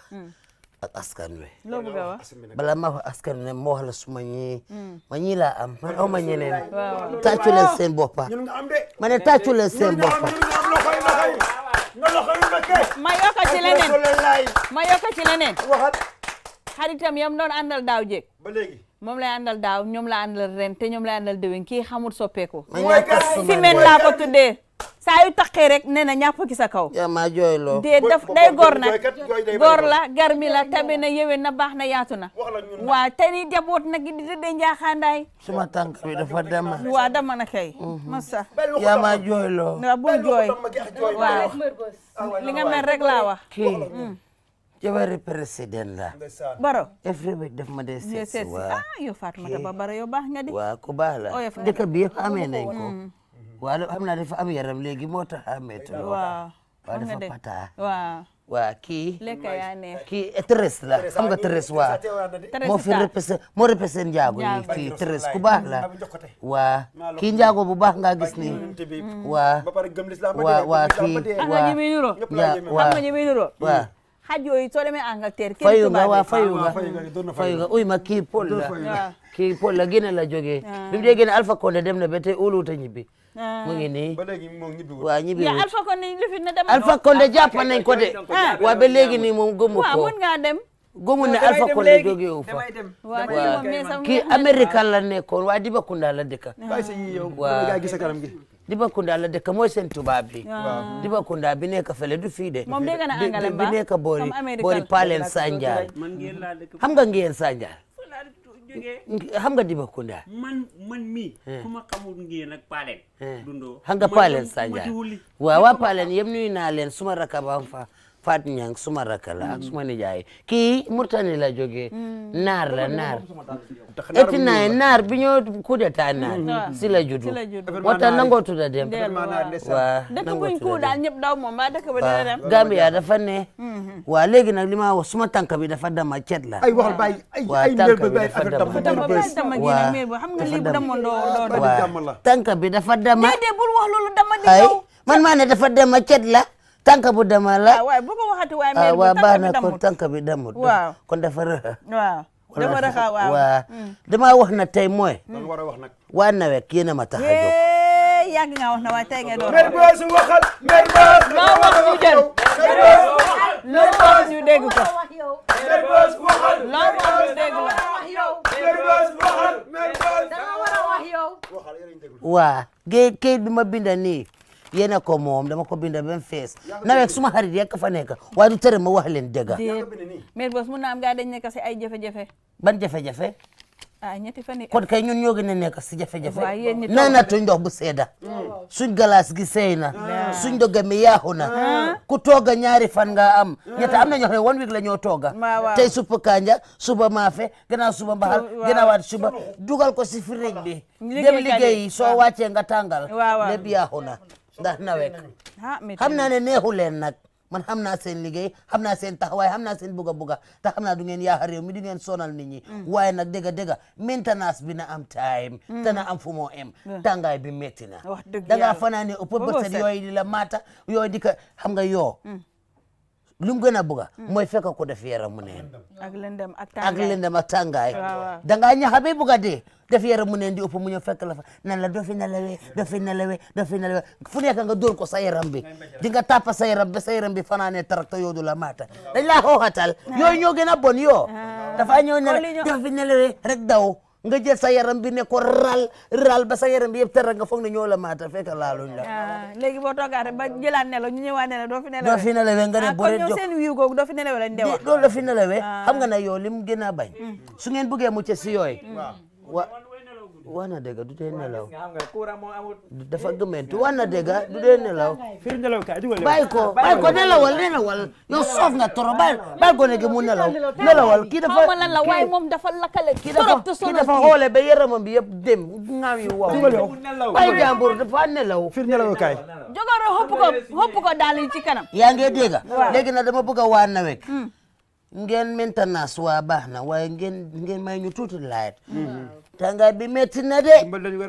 ak askan wi. lo bëgg wax bala ma wax askan wi mo wax la suma ñi ma ñi la am man awma ñeneen. waaw tàccu seen bopa seen ma ci ma ci xaritam yam ba moom lay àndal daaw ñoom la àndal ren te ñoom lay àndal déwén kii xamul soppeeku. mooy saa yu taqee rek nee na ñàpp ki sa kaw. yaa maa jooy loo. dee daf day góor nag la garmi la tabe na yewe na baax na yaatu na. waaw te ni jaboot nag di dee njaaxaandaay. suma tànk bi dafa dama. waaw dama na kay. Mhm. masa. yaa maa jooy loo. waaw jooy. waaw ah, li nga rek laa wax. jabari président la baro efrebe def ma de seesi wa yo fatumata ba baro yo bah nga di waa bah baax la dëkk bi yëpp amee nañ ko waaw xam naa dafa am yaram léegi moo tax amee tulo waaw waaw dafa pataa waaw waa kii ki tres la xam nga tres waa moo fi repese moo repese njaago yi fii tres ku bah la waa ki njaago bu baax nga gis nii waa waa waa kii waa waa xaj yooyu soo demee Angleterre. fayu nga waa fayu nga fayu nga uy ma kii Paul la ah. kii Paul la Guinée la jógee. Ah. bi mu dee Guinée Alpha dem na ba tey óolu ñibbi. Ah. mu ngi nii waa ñibbi wut Alpha Condé li fi na dem. nañ ko de. waa ba léegi nii moom gëmu ko waaw mën ngaa dem. gomu ne Alpha Condé jóge wu fa waaw kii Amérique la nekkoon waa Dibakunda la dëkk. Diba Kunda la dëkk mooy seen tubaab bi. Ah. Diba Kunda bi nekk fële du fii de. moom dégg na angale ba bi nekk boori boori Palen Sanjar. xam nga ngeen Sanjar. nga Diba Kunda. man man mi eh. kuma xamul ngeen ak eh. xam nga Palen Sanjar. waaw waa Palen yëpp nuyu naa leen suma rakabam fa. Fatou Niang suma rakk la ak mm. suma nijaay kii Murtani la jógee mm. naar la naar eti naay naar bi ñoo coup d'état mm. naar si la juddu moo tax nangoo tuda dem waa dëkk buñ ko daal ñëpp daw dafa ne mm-hmm. waa léegi nag li ma wax suma tànk bi dafa dama cet la ay waxal bàyyi ay tànk bi dafa dama waa xam nga lii bu bi dafa dama déedéet bul wax man maa ne dafa dama cet la tànk bu dama la waaw ah, waaye bu ko waxati waaye ah, mère bi tànk bi damut waaw kon tànk bi damut. waaw kon dafa rëxa. waaw dafa rëxa waaw waaw. Mm. damaa wax na tey mooy. lan war a wax nag. waa nawet yéen a ma tax a jóg. yàgg nga wax na waaye tey nga doon. mère Boss waxal. mère Boss maa wax ñu jël. loo wax ñu dégg ko. mère Boss waxal. loo wax ñu dégg ko. mère Boss waxal. mère Boss da nga war a wax yow. waa kay kay duma binda nii. yéen a ko moom dama ko bind ba mu fees nawet suma xarit yekk fa nekk waaye du tere ma wax leen dëgg. mais bos mun na am gaa dañ nekk si ay jafe-jafe. ban jafe-jafe. ah ñetti fan kon ñoo gën a si jafe-jafe. waaw yéen ñi toog naanatu ndox bu seeda. suñ galaas gi seey na. suñ doge mi yaaxu na. ku tooga ñaari fan nga am. ñett am na ñoo xam ne one week la ñoo tooga. tey supp kanja suba maafe gannaaw suba mbaxal gannaaw waat suba dugal ko si firij bi. dem liggéey soo wàccee nga tàngal. waaw lépp ndax nawet ah, xam na ne neexu leen nag man xam naa sen liggéey xam naa seen taxawaay xam naa seen bugga bugga te xam na du ngeen yaaxa réew mi du ngeen sonal nit ni mm. waaye nag dëgga dëgga maintenance bi na am time mm. te na am fu moo em tàngaay bi métti na da ngaa fanaane ëpp bët yooyu di la maata yooyu di ka xam nga yoo mm. lu gën a bëgg mm. mooy fekk ko def yaramu neen ak lëndëm ak tanga ak lëndëm ak tàngaay da ngaa ñax ba bëgg a dee def yaramu neen di ëpp mu ñëw fekk la fa nan la dofi na lawee dofi na lawee dofi na lawee fu nekk nga dóor ko sa yaram bi di nga tàppa sa yaram bi sa yaram bi fanaanee ta yoo du la maata dañ laa xooxatal ah. yooyu ñoo gën a bon yoo ah. dafa ñëw ne dofi na lawee rek daw nga jël sa yaram bi ne ko ral ral ba sa yaram bi yëpp tëral nga foog ne ñoo la maata fekk laaluñ la. Ah, léegi boo toogaatee ba jëlaat nelaw ñu ñëwaat nelaw doo fi nga ne ah, bu dee jóg seen wiir ah. nga ne yow lim gën a bañ. Mm. su ngeen si yooyu. Mm. wax na du dee nelaw dafa eh, gëmëntu wax na dëgg du dee nelaw bàyyi ko bàyyi ko nelawal nelawal yow soof nga toro bàyyi bàyyi ko ne gi mu nelaw nelawal kii dafa waaye moom dafa lakale ki dafa kii dafa xoole ba yaramam bi yëpp dem ngaam yi waaw bàyyi jàmbur dafa nelaw fir nelaw kay jogoro hopp ko hopp ko daal yi ci kanam yaa ngi dégg léegi nag dama bëgg a waa nawek hmm. ngeen maintenance waa baax na waaye ngeen ngeen may ñu tuuti laayet tàngaay bi metti na de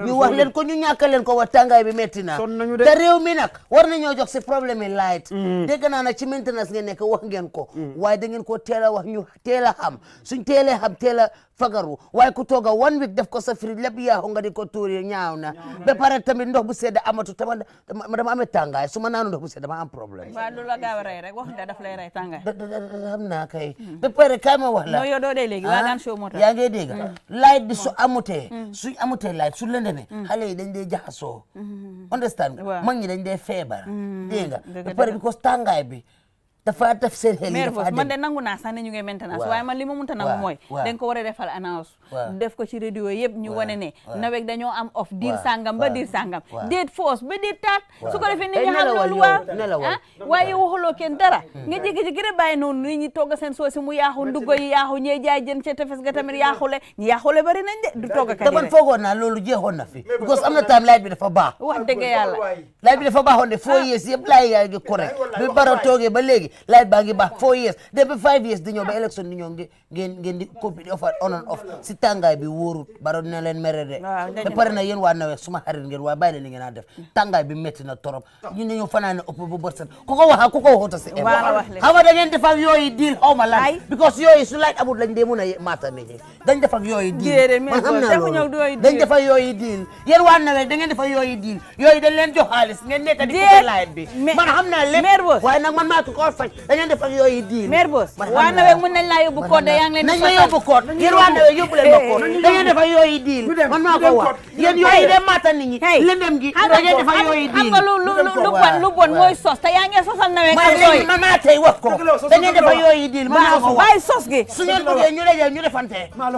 ñu wax leen ko ñu ñàkk leen ko wax tàngaay bi metti na te réew mi na war nañoo jox si problème yi light mm. dégg naa nag ci maintenance ngeen nekk wax ngeen ko mm. waaye da ngeen ko teel a wax ñu teel a xam suñ teelee xam teel a fagaru waaye ku tooga one week def ko sa firi lépp yaa nga di ko tuuri ñaaw na ba pare tamit ndox bu sedda amatu tama dama amee su ma naanu ndox bu sedda dama am problème a da daf lay rey tàngaay xam naa kay ba pare kaay ma wax la yow doo dee léegi waa daan ah, show moo tax yaa ngi dégg mm. light bi su amutee mm. su amutee light su lëndëmee mm. xale yi dañ dee jaxasoo understand nga mag ñi dañ dee feebar dégg nga ba pare because tàngaay bi dafa def seen xel yi dafa dem man de nangu naa ne ñu ngi maintenance waaye man li ma mënta nangu mooy dañ ko war a defal annonce def ko ci radio yëpp ñu wane ne nawet dañoo am off diir sàngam ba diir sàngam déet foos ba déet taat su ko defee nit ñi xam loolu waaw ah kenn dara nga mm. jékki-jékki rek noonu nit ñi togg seen soosi mu yaaxu nduggo yi yaaxu ñee jaay jën ca tefes ga tamit yaaxule ñu yaaxule bari nañ de du togg kat daman foogoon naa loolu jeexoon na fi because am na time laaj bi dafa baax wax dëgg dafa baaxoon de foo ah. yees yëpp toogee ba léegi life baa ngi four years depuis five years di ñëw ba élection di ñëw ngeen ngeen di copie di off on and off si tàngaay bi wóorut baro dina leen mere pare na yéen waa nawet suma xarit ngeen waaye bàyyi leen ngeen a def tàngaay bi métti torop ñu ne ñu fanaane ëpp bu bët set ku ko waxa ku ko waxuta si xaw ma da ngeen def ak yooyu diil xaw ma lan because yooyu su laaj amul lañ dee mun a maata nit ñi dañ def ak yooyu diil man xam naa loolu dañ def ak yooyu diil yéen waa nawet da ngeen def ak yooyu diil yooyu dañ leen jox xaalis ngeen nekk di ko laaj faj da ngeen def ak yooyu diin mère Bos waa nawet mën nañ laa yóbbu koot da yaa ngi leen nañ ma yóbbu koot yéen waa nawet yóbbu leen ma koot da ngeen def ak yooyu diin maa ko wax da ngeen def ak yooyu diin xam nga lu lu lu bon lu bon mooy sos te yaa ngi sosal ma maa tey wax da ngeen def sos gi su ngeen bëggee ñu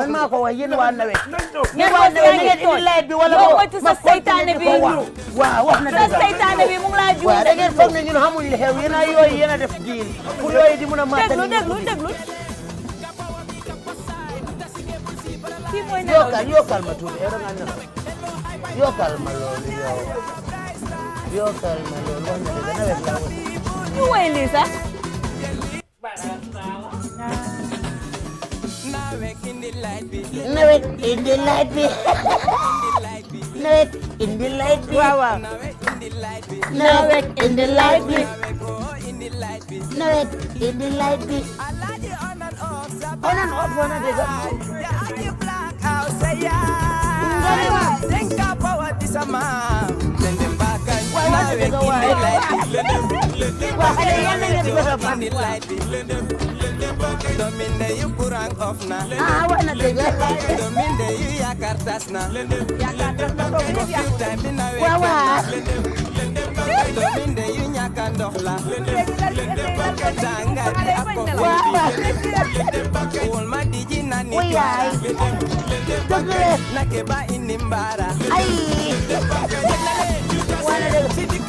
maa ko wax yéen waa nawet yéen waa nawet ngeen indi laaj bi wala laa juum da ngeen foog ne ñun xamuñu xew yéen a yooyu yéen a def yiin pour yooyu di mën a màttal déglu déglu déglu yokkal yokkal ma tuuti yow light Nawet in the light bi waaw waaw in the light bi nawet in the light bi oh, on and off one of the Think about what this amount. Then them back and why was it waaw xale yi yal nañu leen gërëm ah. domine yu courant off na. ah wax na dëgg. domine yu yaakaar tas na. yaakaar tas na kooku ñëpp yaakaar tas na. waaw waaw. domine yu ñàkk a ndox la. tàngaay bi ak kooku. waaw waaw. wul ma di ji na ni. wuyaay. dëgg la. nake ba indi mbaara. ayi. wala dëgg.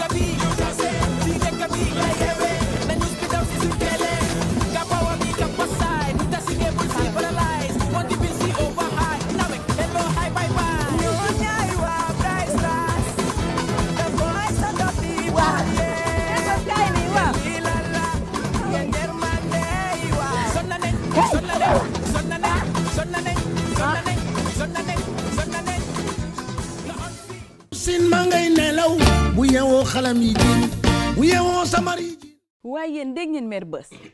bu yewoo xalam yi jiin bu samar yi jiin waaye yéen dégg ngeen maire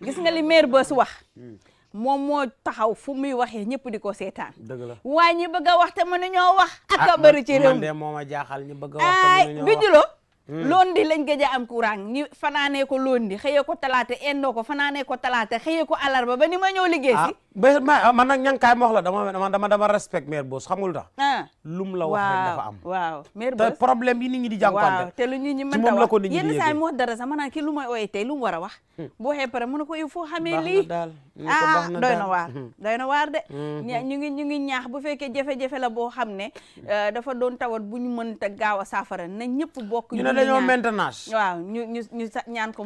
gis nga li maire Beus wax hmm. moom moo taxaw fu muy waxee ñëpp di ko seetaan. dëgg la waaye ñi bëgg a wax te mënuñoo wax. ak a ah, bëri ci réew mi man de moom a jaaxal ñi bëgg a wax te mënuñoo wax ay Hmm. londi lañ gëj a am courant ñu fanaanee ko londi xëyee ko talaté endo ko fanaanee ko talaté xëyee ko alarba ba ni ma ñëw liggéey si ah, ba ma ah, man nak ñang kay mo la dama dama dama dama respect maire boss xamul tax ah. lum la wax rek dafa am waaw maire boss te problème yi nit ñi di waaw te lu nit ñi mën da wax yeen say mo dara sax ma ki lu may oyé tey lu mu war wax hmm. bo waxee paré mu ko il faut xamee lii ah doyna war waar hmm. doy de ñu ngi ñu ngi ñaax bu fekkee jafé jafé la bo xamné euh, dafa doon tawat bu ñu mënta gaaw a saafara na ñepp bokk ñu ñoo dañoo maintenance waaw ñu ñu ñu ñaan ko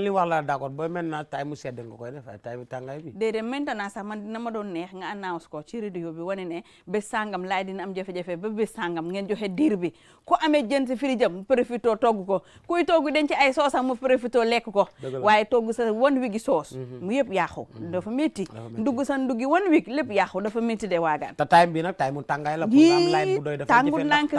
li wax la d'accord booy maintenance taay mu sedd nga koy def ay taay bi tàngaay bi ma doon neex nga annoncé ko ci radio bi wane ne bés sàngam laay dina am jafe-jafe ba bés ngeen joxe diir bi ku amee jën si firi jëm profito togg ko kuy togg denc ay soosam mu profito lekk ko waaye togg sa one week soos mhm. mu yëpp yàqu mhm. dafa métti sa nduggi one week lépp yàqu dafa métti de waagaan te time bi nag time mu tàngaay la pour am bu doy dafa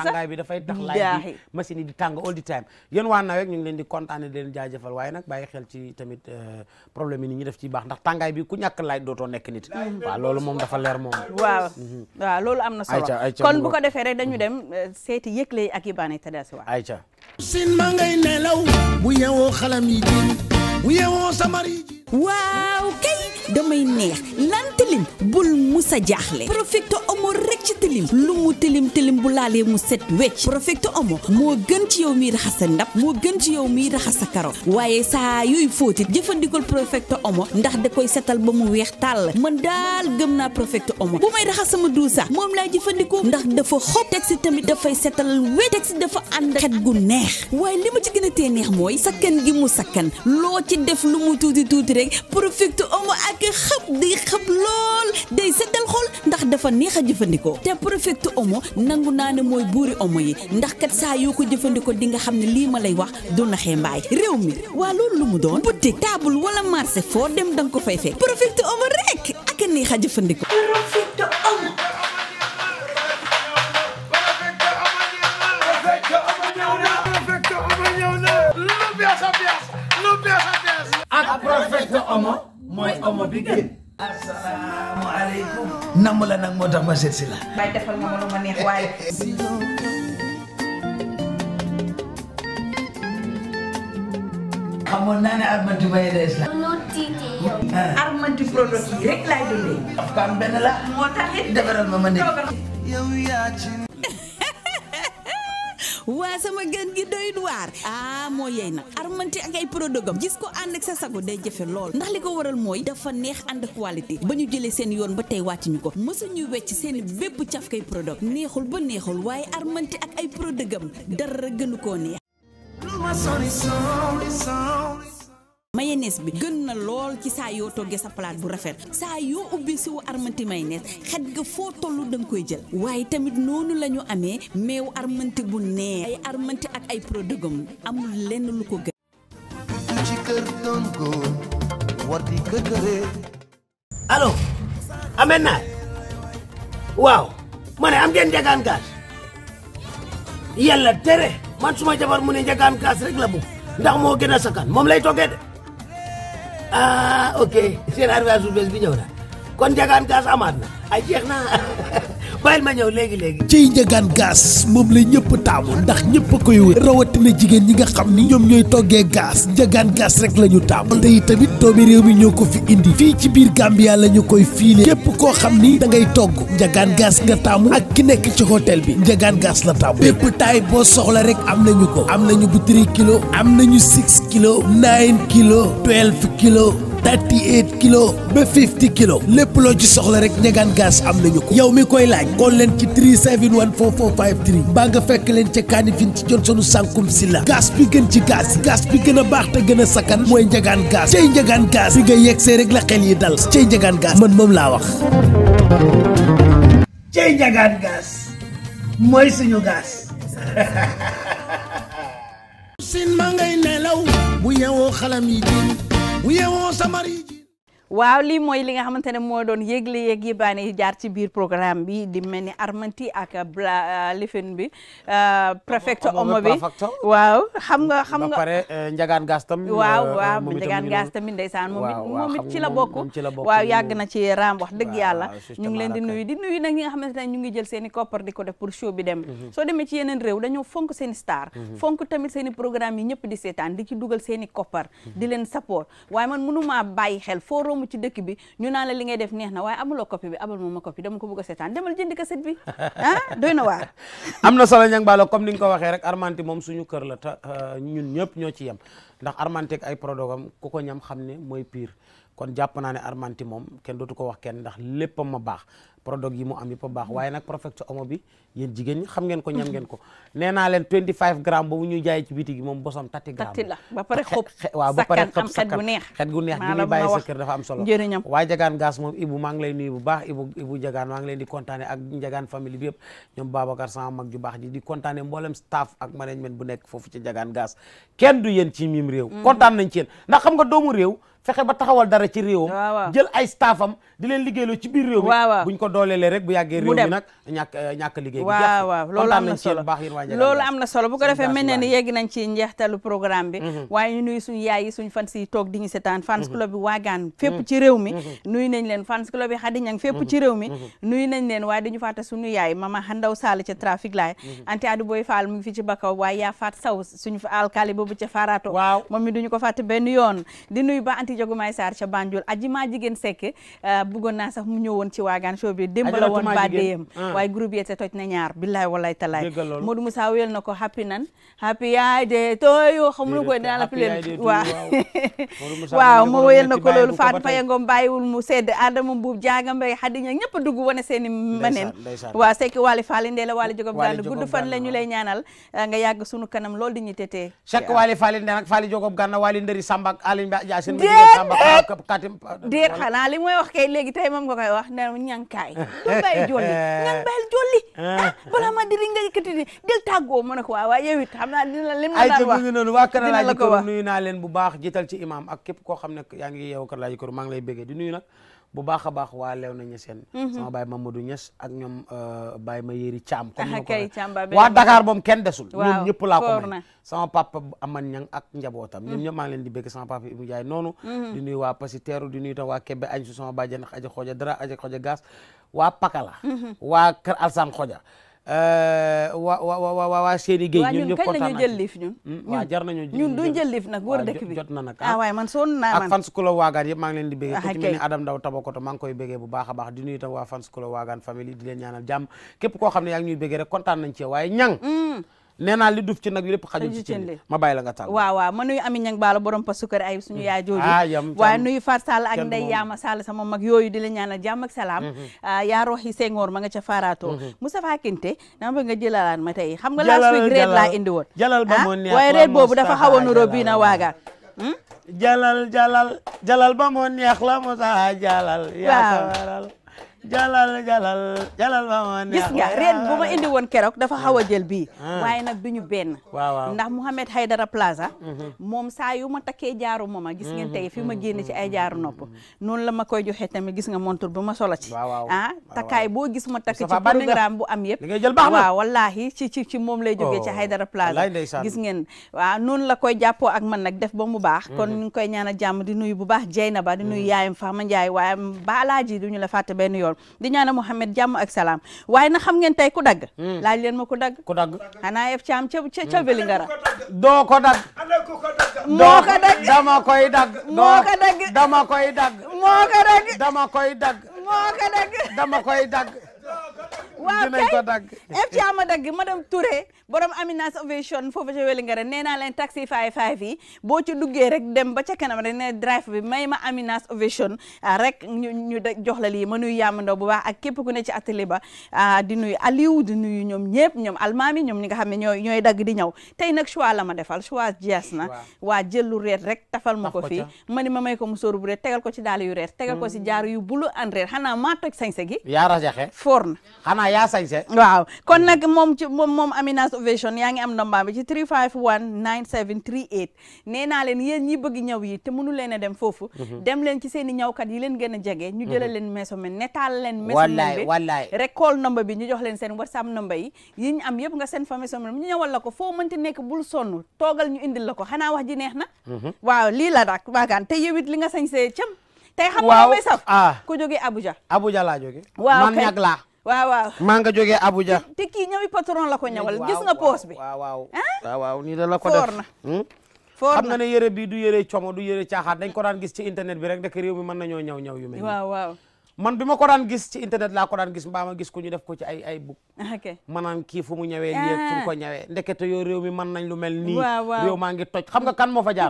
jafe bi dafay tax laay bi machine yi di tàng all the time yéen waa nawet ñu ngi leen di kontaane di leen jaajëfal waaye nag bàyyi xel ci tamit euh, problème yi ni ñu def ci baax ndax tàngaay bi ku ñàkk laaj dootoo nekk nit waa loolu moom dafa leer moom <laughs> waa mhm. loolu am na solo kon bu ko defee rek dañu dem euh, seeti yëgle ak yi baane tadaasi waa ayca sin ma ngay nelaw bu yewoo xalam yi jiin bu yewoo samar yi waaw kay damay neex lantalim bul musa jaaxle ci lu mu tilim tilim bu laalee mu set wecc Profecto Omo moo gën ci yow mii raxas sa ndab moo gën ci yow mii raxas sa karo waaye saa yooyu fóotit jëfandikol Profecto Omo ndax da koy ba mu weex tàll man daal gëm naa Profecto Omo bu may raxas sama duusa moom laay jëfandikoo ndax dafa xob teg si tamit dafay setal wecc teg si dafa ànd xet gu neex waaye li ma ci gën a tee neex mooy sakkan gi mu sakkan loo ci def lu mu tuuti tuuti rek Profecto Omo ak xëb di xëb lool day setal xol ndax dafa neex a jëfandikoo te préfecte omo nangu naa ne mooy buuri omo yi ndax kat saa yoo ko jëfandikoo di nga xam ne lii ma lay wax du naxee mbaay réew mi waa loolu lu mu doon boutique table wala marché foo dem danga ko fay fekk préfecte omo rek ak neex a jëfandikoo préfecte omo ak préfecte omo mooy omo bi gën asalaamaaleykum. namm la nag tax ma seet si la. bay defal ma lu ma neex waaye. xamoon naa ne Armanti Mbaye rees la. noo tiitee yow. Ah. Armanti produit yi rek laay la. moo tax it defaral ma ma yow yaa waa sama gën gi doy waar ah moo yey nag armanti ak ay prodogam gis ko ànd ak sa sago day jafe lool ndax li ko waral mooy dafa neex ànd qualité ba ñu jëlee seen yoon ba tey wàcc ñu ko mësuñu wecc seen bépp caf kay prodog neexul ba neexul waaye armanti ak ay prodogam dara gënu koo neex mayonnaise bi gën na lool ci saa yoo sa palaat bu rafet saa yoo ubbi siwu armanti mayonnaise xet ga foo toll koy jël waaye tamit noonu la amee meew armanti bu ak ay produits amul lenn lu ko gën ci kër dongo war waaw ma ne am gen njagaan kaas yàlla tere man suma jabar mu ne njagaan kaas rek la bu ndax moo gën a sakan moom lay toggee de Ah, ok. Si era su vez, viñora. kon njagaan gaas amaat na ay jeex na <laughs> bàyyil ma ñëw léegi léegi. ci njagaan gaas moom la ñëpp taamu ndax ñëpp a koy wër rawatina jigéen ñi nga xam ni ñoom ñooy toggee gaas njagaan gaas rek la ñu taamu te tamit doomi réew mi ñoo ko fi indi fii ci biir Gambia la ñu koy fiile képp koo xam ni da ngay togg njagaan gaas nga taamu ak ki nekk ci hôtel bi njagaan gaas la taamu bépp taay boo soxla rek am nañu ko am nañu bu kilo am nañu 6 kilo 9 kilo 12 kilo 38 kilo ba 50 kilo lépp loo ci soxla rek ñegaan gaz am nañu ko yow mi koy laaj kool leen ci 371 4453 baa nga fekk leen ca kaanifin ci Johnsonu Sankum Silla gaz bi gën ci gaz yi gaz bi gën a baax te gën a sakkan mooy gaz cey njegaan gaz bi nga yegsee rek la xel yi dal cey njegaan gaz man moom laa wax cey njegaan gaz mooy suñu gaz sin ma ngay nelaw bu yeewoo xalam yi jiin Huíamos amarillo. waaw lii mooy li nga xamante ne moo doon yëgle yeeg yëbaane yi jaar ci biir programme bi di mel ni Armanti ak bla euh, lifin euh, bi préfecte omo bi waaw xam nga xam nga ba pare euh, njagaan gaas tam waaw waaw njagaan gaas tamit ndeysaan moom it moom it ci la bokk waaw yàgg na ci raam wax dëgg yàlla ñu ngi leen di nuyu di nuyu nag yi nga xamante ne ñu ngi jël seen i koppar di ko def pour show bi dem mhm. soo demee ci yeneen réew dañoo fonk seen star mhm. fonk tamit seen i programme yi ñëpp di seetaan di ci dugal seen i koppar di leen support waaye man mënumaa bàyyi xel jàmm ci dëkk bi ñu naan la li ngay def neex na waaye amuloo copie bi abal moom ma copie dama ko bëgg a seetaan demal jënd kaset bi <laughs> ah, doy na waar <laughs> am na solo ñang baalo comme ni nga ko waxee rek Armanti moom suñu kër la euh, ñun ñëpp ñoo ci yem ndax Armanti ak ay programme ku ko ñam xam ne mooy piir kon jàpp naa ne Armanti moom kenn dootu ko wax kenn ndax lépp ma baax produk yi mu am yëpp a baax waaye nag perfecto omo bi yeen jigen ñi xam ngeen ko ñam ngeen ko neena len 25 gram boobu ñu jaay ci biti gi bosam tati gram. tati la ba pare xop wa ba pare xop sa kan xet gu neex gi ni baye sa kër dafa am solo wa jagan gas mom Ibu ma ngi lay nuyu bu baax Ibu Ibu jagan ma ngi leen di kontaane ak jagaan family bi yëpp ñom babakar sa mag ju baax ji di kontaane mbolam staff ak management bu nekk fofu ci jagaan gas. kenn du yeen ci mim rew mm-hmm. kontaan nañ ci yeen ndax xam nga doomu rew fexe ba taxawal dara ci jël ay staffam di leen liggéeyloo ci biir réew mi buñ ko dooleelee rek bu yàggee réew mi nag ñàkk eh, ñàkk liggéey waaw waaw loolu am na solo baax yéen waa loolu am na solo bu ko defee mel ne ni yegg nañ ci njeextalu programme bi mhm. waaye ñu yi suñu di ñu setaan fans mhm. club bi waagaan mhm. fépp ci réew mi nuyu nañ leen fans club bi xadi trafic laay anti adu boy faal mu fi ci bakaw waaye yaa faat saw suñu alkali boobu ca faarato moom mi duñu ko fàtte benn yoon di nuyu ba anti jogumaay sar ca Banjul aji ma jigen sekk eh, bëggoon na sax mu ñëwoon ci wagan show bi dembal won woon baddeyam ah. waaye groupe yete toj na ñaar billahi wallahi Modou musa nako happy nan happy yaay de tooyo xam lu ko dina la pileen waaw waaw ma <laughs> wéyal na ko loolu Fatou hadinya Ngom bàyyiwul mu sedd Adama Mbuub Jaaga Mbay Xadi ña ñëpp dugg wane seen manen wa sekk wali fali ndela wali Jogom Gànn guddu fan la ñu lay ñaanal eh, nga yag suñu kanam lolu di ñi tetee chaque fali Faly Ndéla fali Jogom Gànn wali Ndëri sambak alin Ba Jaasin déet xanaa li mooy wax kay léegi tey moom nga koy wax ne ñankaay lu <laughs> bay jolli ñang bayal jolli ah. ah bala ma diri nga yëkkati di del tàggoo mu ne ko waaw waaw yow it xam naa dina lim na daan wax ay noonu waa nuyu naa leen bu baax jiital ci imam ak képp koo xam ne yaa ngi yeewu Kër Alaaji Kër maa ngi lay bégee di nuyu nag bu baax a baax waa Léona Niassène mhm. sama baay Mamadou Niass ak ñoom euh, baay ma yéri Thiam comme ko <laughs> waa Dakar moom kenn desul ñoom ñëpp laa ko may sama papa Aman Ñang ak njabootam ñoom mhm. ñëpp maa leen di bëgg sama papa Ibou Ndiaye noonu mhm. di nuyu waa Pasiteeru di nuyu tam waa Kébé añ su sama bàjjen aja xooja dara aja xooja gaas waa Pakala wa Kër Alsan Xooja wa wa wa wa waa Séni Gueye. ñun ñëpp kontaan naa ci waaw jar nañu ñu ñun duñ jël lif nag wër jot na nag a waaye man sonn naa man ak fans club waagaan yëpp maa ngi leen di béggee ku ci mel Adam Ndaw Tabakoto maa ngi koy béggee bu baax a baax di nuyu itam waa fans club waagaan famille di leen ñaanal jàmm képp koo xam ne yaa ngi ñuy béggee rek kontaan nañ ci waaye ñang nee li duf ci nak yepp xaju ci ci ma bay la nga tal wa wa ma nuy Amine ñang Baalo borom pa sukkar ay suñu mm. yaay joju ah, wa nuy Fat Sall ak Ndey Yaama sal sama mag yoyu di la ñaanal ak salam mm-hmm. ah, ya rohi Senghor ma nga ci mustafa mm-hmm. Kinte na ma nga jëlalaan ma tay xam nga last week la indi jalal ba ah, mo neex waaye reed bobu dafa xawonu hmm? jalal jalal jalal ba moo neex la sa jalal ya jalal jalal jalal ma gis nga reen ma indi woon keroog dafa xaw a jël bii ah. waaye nag duñu benn ndax Mouhamed Haydara Plaza mhm. moom saa yu ma takkee jaaru mooma gis ngeen mhm, tey fi ma mhm, génn ci ay jaaru nopp noonu la ma koy joxee tamit gis nga montur bu ma solo ci ah takkaay boo gis ma takk ci programme bu am yëpp waaw wallaahi ci ci ci moom lay jógee ci oh, Haydara Plaza gis ngeen waaw noonu la koy jàppoo ak man nag def ba mu baax kon ñu ngi koy ñaan a jàmm di nuyu bu baax Jeynaba di nuyu yaayam Fama Ndiaye waaye baalaaji duñu la fàtte benn yoon lool di ñaanal Mouhamed jàmm ak salaam waaye na xam ngeen tey ku dag hmm. laaj leen ma ku dagg ku dagg xanaa ef caam ca ca ca Vélingara hmm. doo ko dagg moo ko dagg dama koy dagg moo ko dagg dama koy dagg moo dagg dama koy dagg ko dagg dama koy dagg waaw kay ef borom Aminas Ovation foofu ca Wellingara nee naa leen taxi five five yi boo rek dem ba ca kanam rek ne drive bi Aminas Ovation ah, rek ñu ñu la lii ma nuyu yàmm bu baax ak képp ku ne ci atelier a ah, di nuyu Aliou di nuyu ñoom ñëpp ñoom almaami ñoom ñi nga xam ne ñooy ñooy dagg di ñëw tey nag choix la ma defal choix jees na waa jël reet rek tafal ma ko fii ma ni ma may ko musóor bu reet tegal ko ci daal yu reet tegel ko si mm. jaar yu bulu an reet xanaa maa toj sañse gi yaa rajaxe foor na xanaa yaa sañse Innovation yaa ngi am number bi ci 3519738 nee naa leen yéen ñi bëgg ñaw yi te mënu leen dem foofu mhm. dem leen ci seen i kat yi leen gën a jege ñu mhm. jëlal leen meesomen netaal leen meesomen bi wallaay rek call number bi ñu jox leen seen whatsapp number yi yi ñu am yëpp nga seen fa meesomen ñu ñëwal la ko foo mënti nekk bul sonn toogal ñu indil la ko xanaa wax ji neex na mhm. waaw lii la dak waagaan te yewit li nga sañ see cam tey xam nga may saf ah. ku jógee Abuja Abuja laa jóge waaw man waaw waaw maa nga jógee Abuja. te kii ñawi patron la ko ñawal gis nga poos bi. waaw waaw waaw waaw nii la la ko def hmm? foor na. na xam nga ne yére bii du yére como du yére caaxaat dañ ko daan gis ci internet bi rek ndek réew mi mën nañoo ñaw ñaw yu man bima ko daan gis ci internet la ko daan gis mbaa gis ko ñu def ko ci ay ay bug maanaam ki fu mu ñëwee lii fu ko ñëwee ah. ndekete yo rew mi man nañ lu mel nii rew ma ngi toj xam nga kan mo fa jaar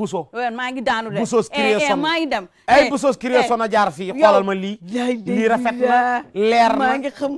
Buso ma ngi daanu de Buso eh, eh, création ma ngi dem ay eh, Buso création a jaar fi xolal ma li lii rafet na leer na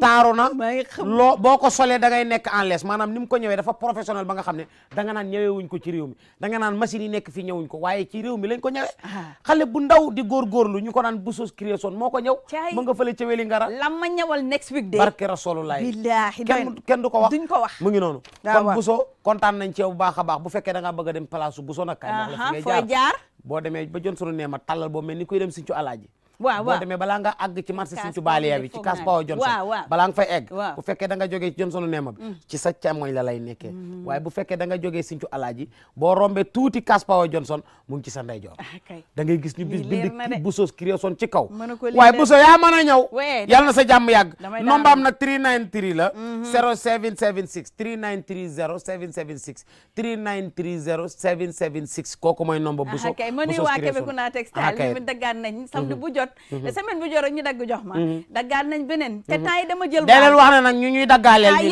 taaru na loo lo boko solé da ngay nek en laisse manam nim ko ñëwee dafa professionnel ba nga xamné da nga naan wuñ ko ci rew mi da nga naan machine yi nek fi ñewuñ ko waye ci rew mi lañ ko ñëwee ah. xalé bu ndaw di lu ñu ko naan Buso création moo ñëw mu nga fële ca weli ngara la ma ñëwal next week de barke rasulullah billaahi kenn du ko wax duñ ko wax mu ngi noonu kon Bousso kontaan nañ ci yow bu baax a baax bu fekkee danga ngaa bëgg a dem place Bousso na kaay wax la fi jaar boo demee ba jon sunu neema tallal boo mel ni kuy dem sincu alaaji waaw boo demee balaa nga àgg ci marché Sinthiou Balia bi ci Cass Power Johnson balaa nga fay egg bu fekkee da nga Johnson Neema bi mm. ci sa càmmoñ la lay nekkee mm-hmm. waaye bu fekkee da nga jógee Alaaji boo rombee tuuti Cass Power Johnson mu ci sa ndeyjoor ah, da ngay gis ñu bis bind Bousso Creation ci kaw waaye Bousso yaa mën a ñëw yàlla na sa jàmm yàgg nombaam nag 393 la 0776 3930 776 3930 776 kooku mooy nomba ah, Bousso Bousso Creation ah kay daggaan jot mhm. semaine bu jot rek ñu dagg jox ma mhm. nañ beneen mhm. te temps jël da leen wax ne nag ñu ñuy daggaaleel bi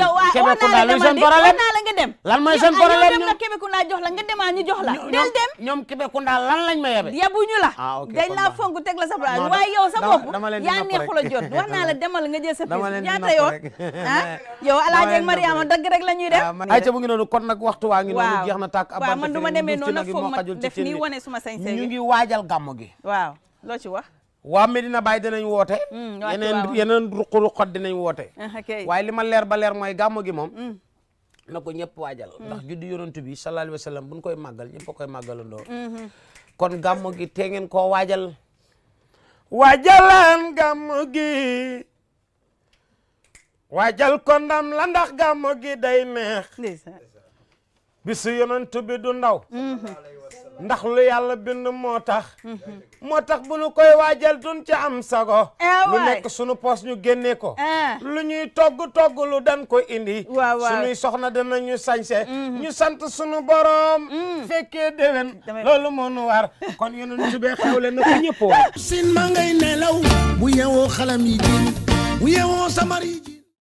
Kébécounda naa la nga dem lan mooy seen problème dem la la nga demaa ñu jox la del lan lañ ma yebe yebuñu la ah, dañ laa la sa place waaye yow sa bopp yaa neexula jot wax la demal nga jël sa piis <laughs> ñaata yoon <laughs> ah yow alaaji ak Mariama dagg rek la ñuy def ay ca bu ngi noonu kon nag waxtu waa ngi noonu jeex na tàkk waaw man du ma demee noonu nag foog ma def nii wane suma sañ ñu ngi waajal gàmmu gi waaw loo ci wax waa Medina Baye dinañ woote. Mm, yeneen yeneen ruq-ruqat woote. Ah, waaye li ma leer ba leer mooy gàmmu gi moom. Mm. na ko ñëpp waajal. Mm. ndax juddu yonent bi sallallahu alayhi wa sallam bu ñu koy màggal ñëpp a koy màggalandoo. Mm-hmm. kon gàmmu gi te ngeen koo waajal. waajalaan gàmmu gi. waajal ko ndam la ndax gàmmu gi day neex. bisu yonent bi du ndaw. Mm-hmm. ndax lu yàlla bind moo tax moo tax bu nu koy waajal dun ci am sago eh, lu nekk sunu poos ñu génnee ko eh. lu ñuy togg togg lu dan ko indi sunuy soxna dana ñu sañse mm-hmm. ñu sant sunu boroom mm. fekkee déwén loolu moo nu war kon yenen subee xewle na ko ñëpp war sin ma nelaw bu yewoo xalam yi jiin bu yewoo samar yi jiin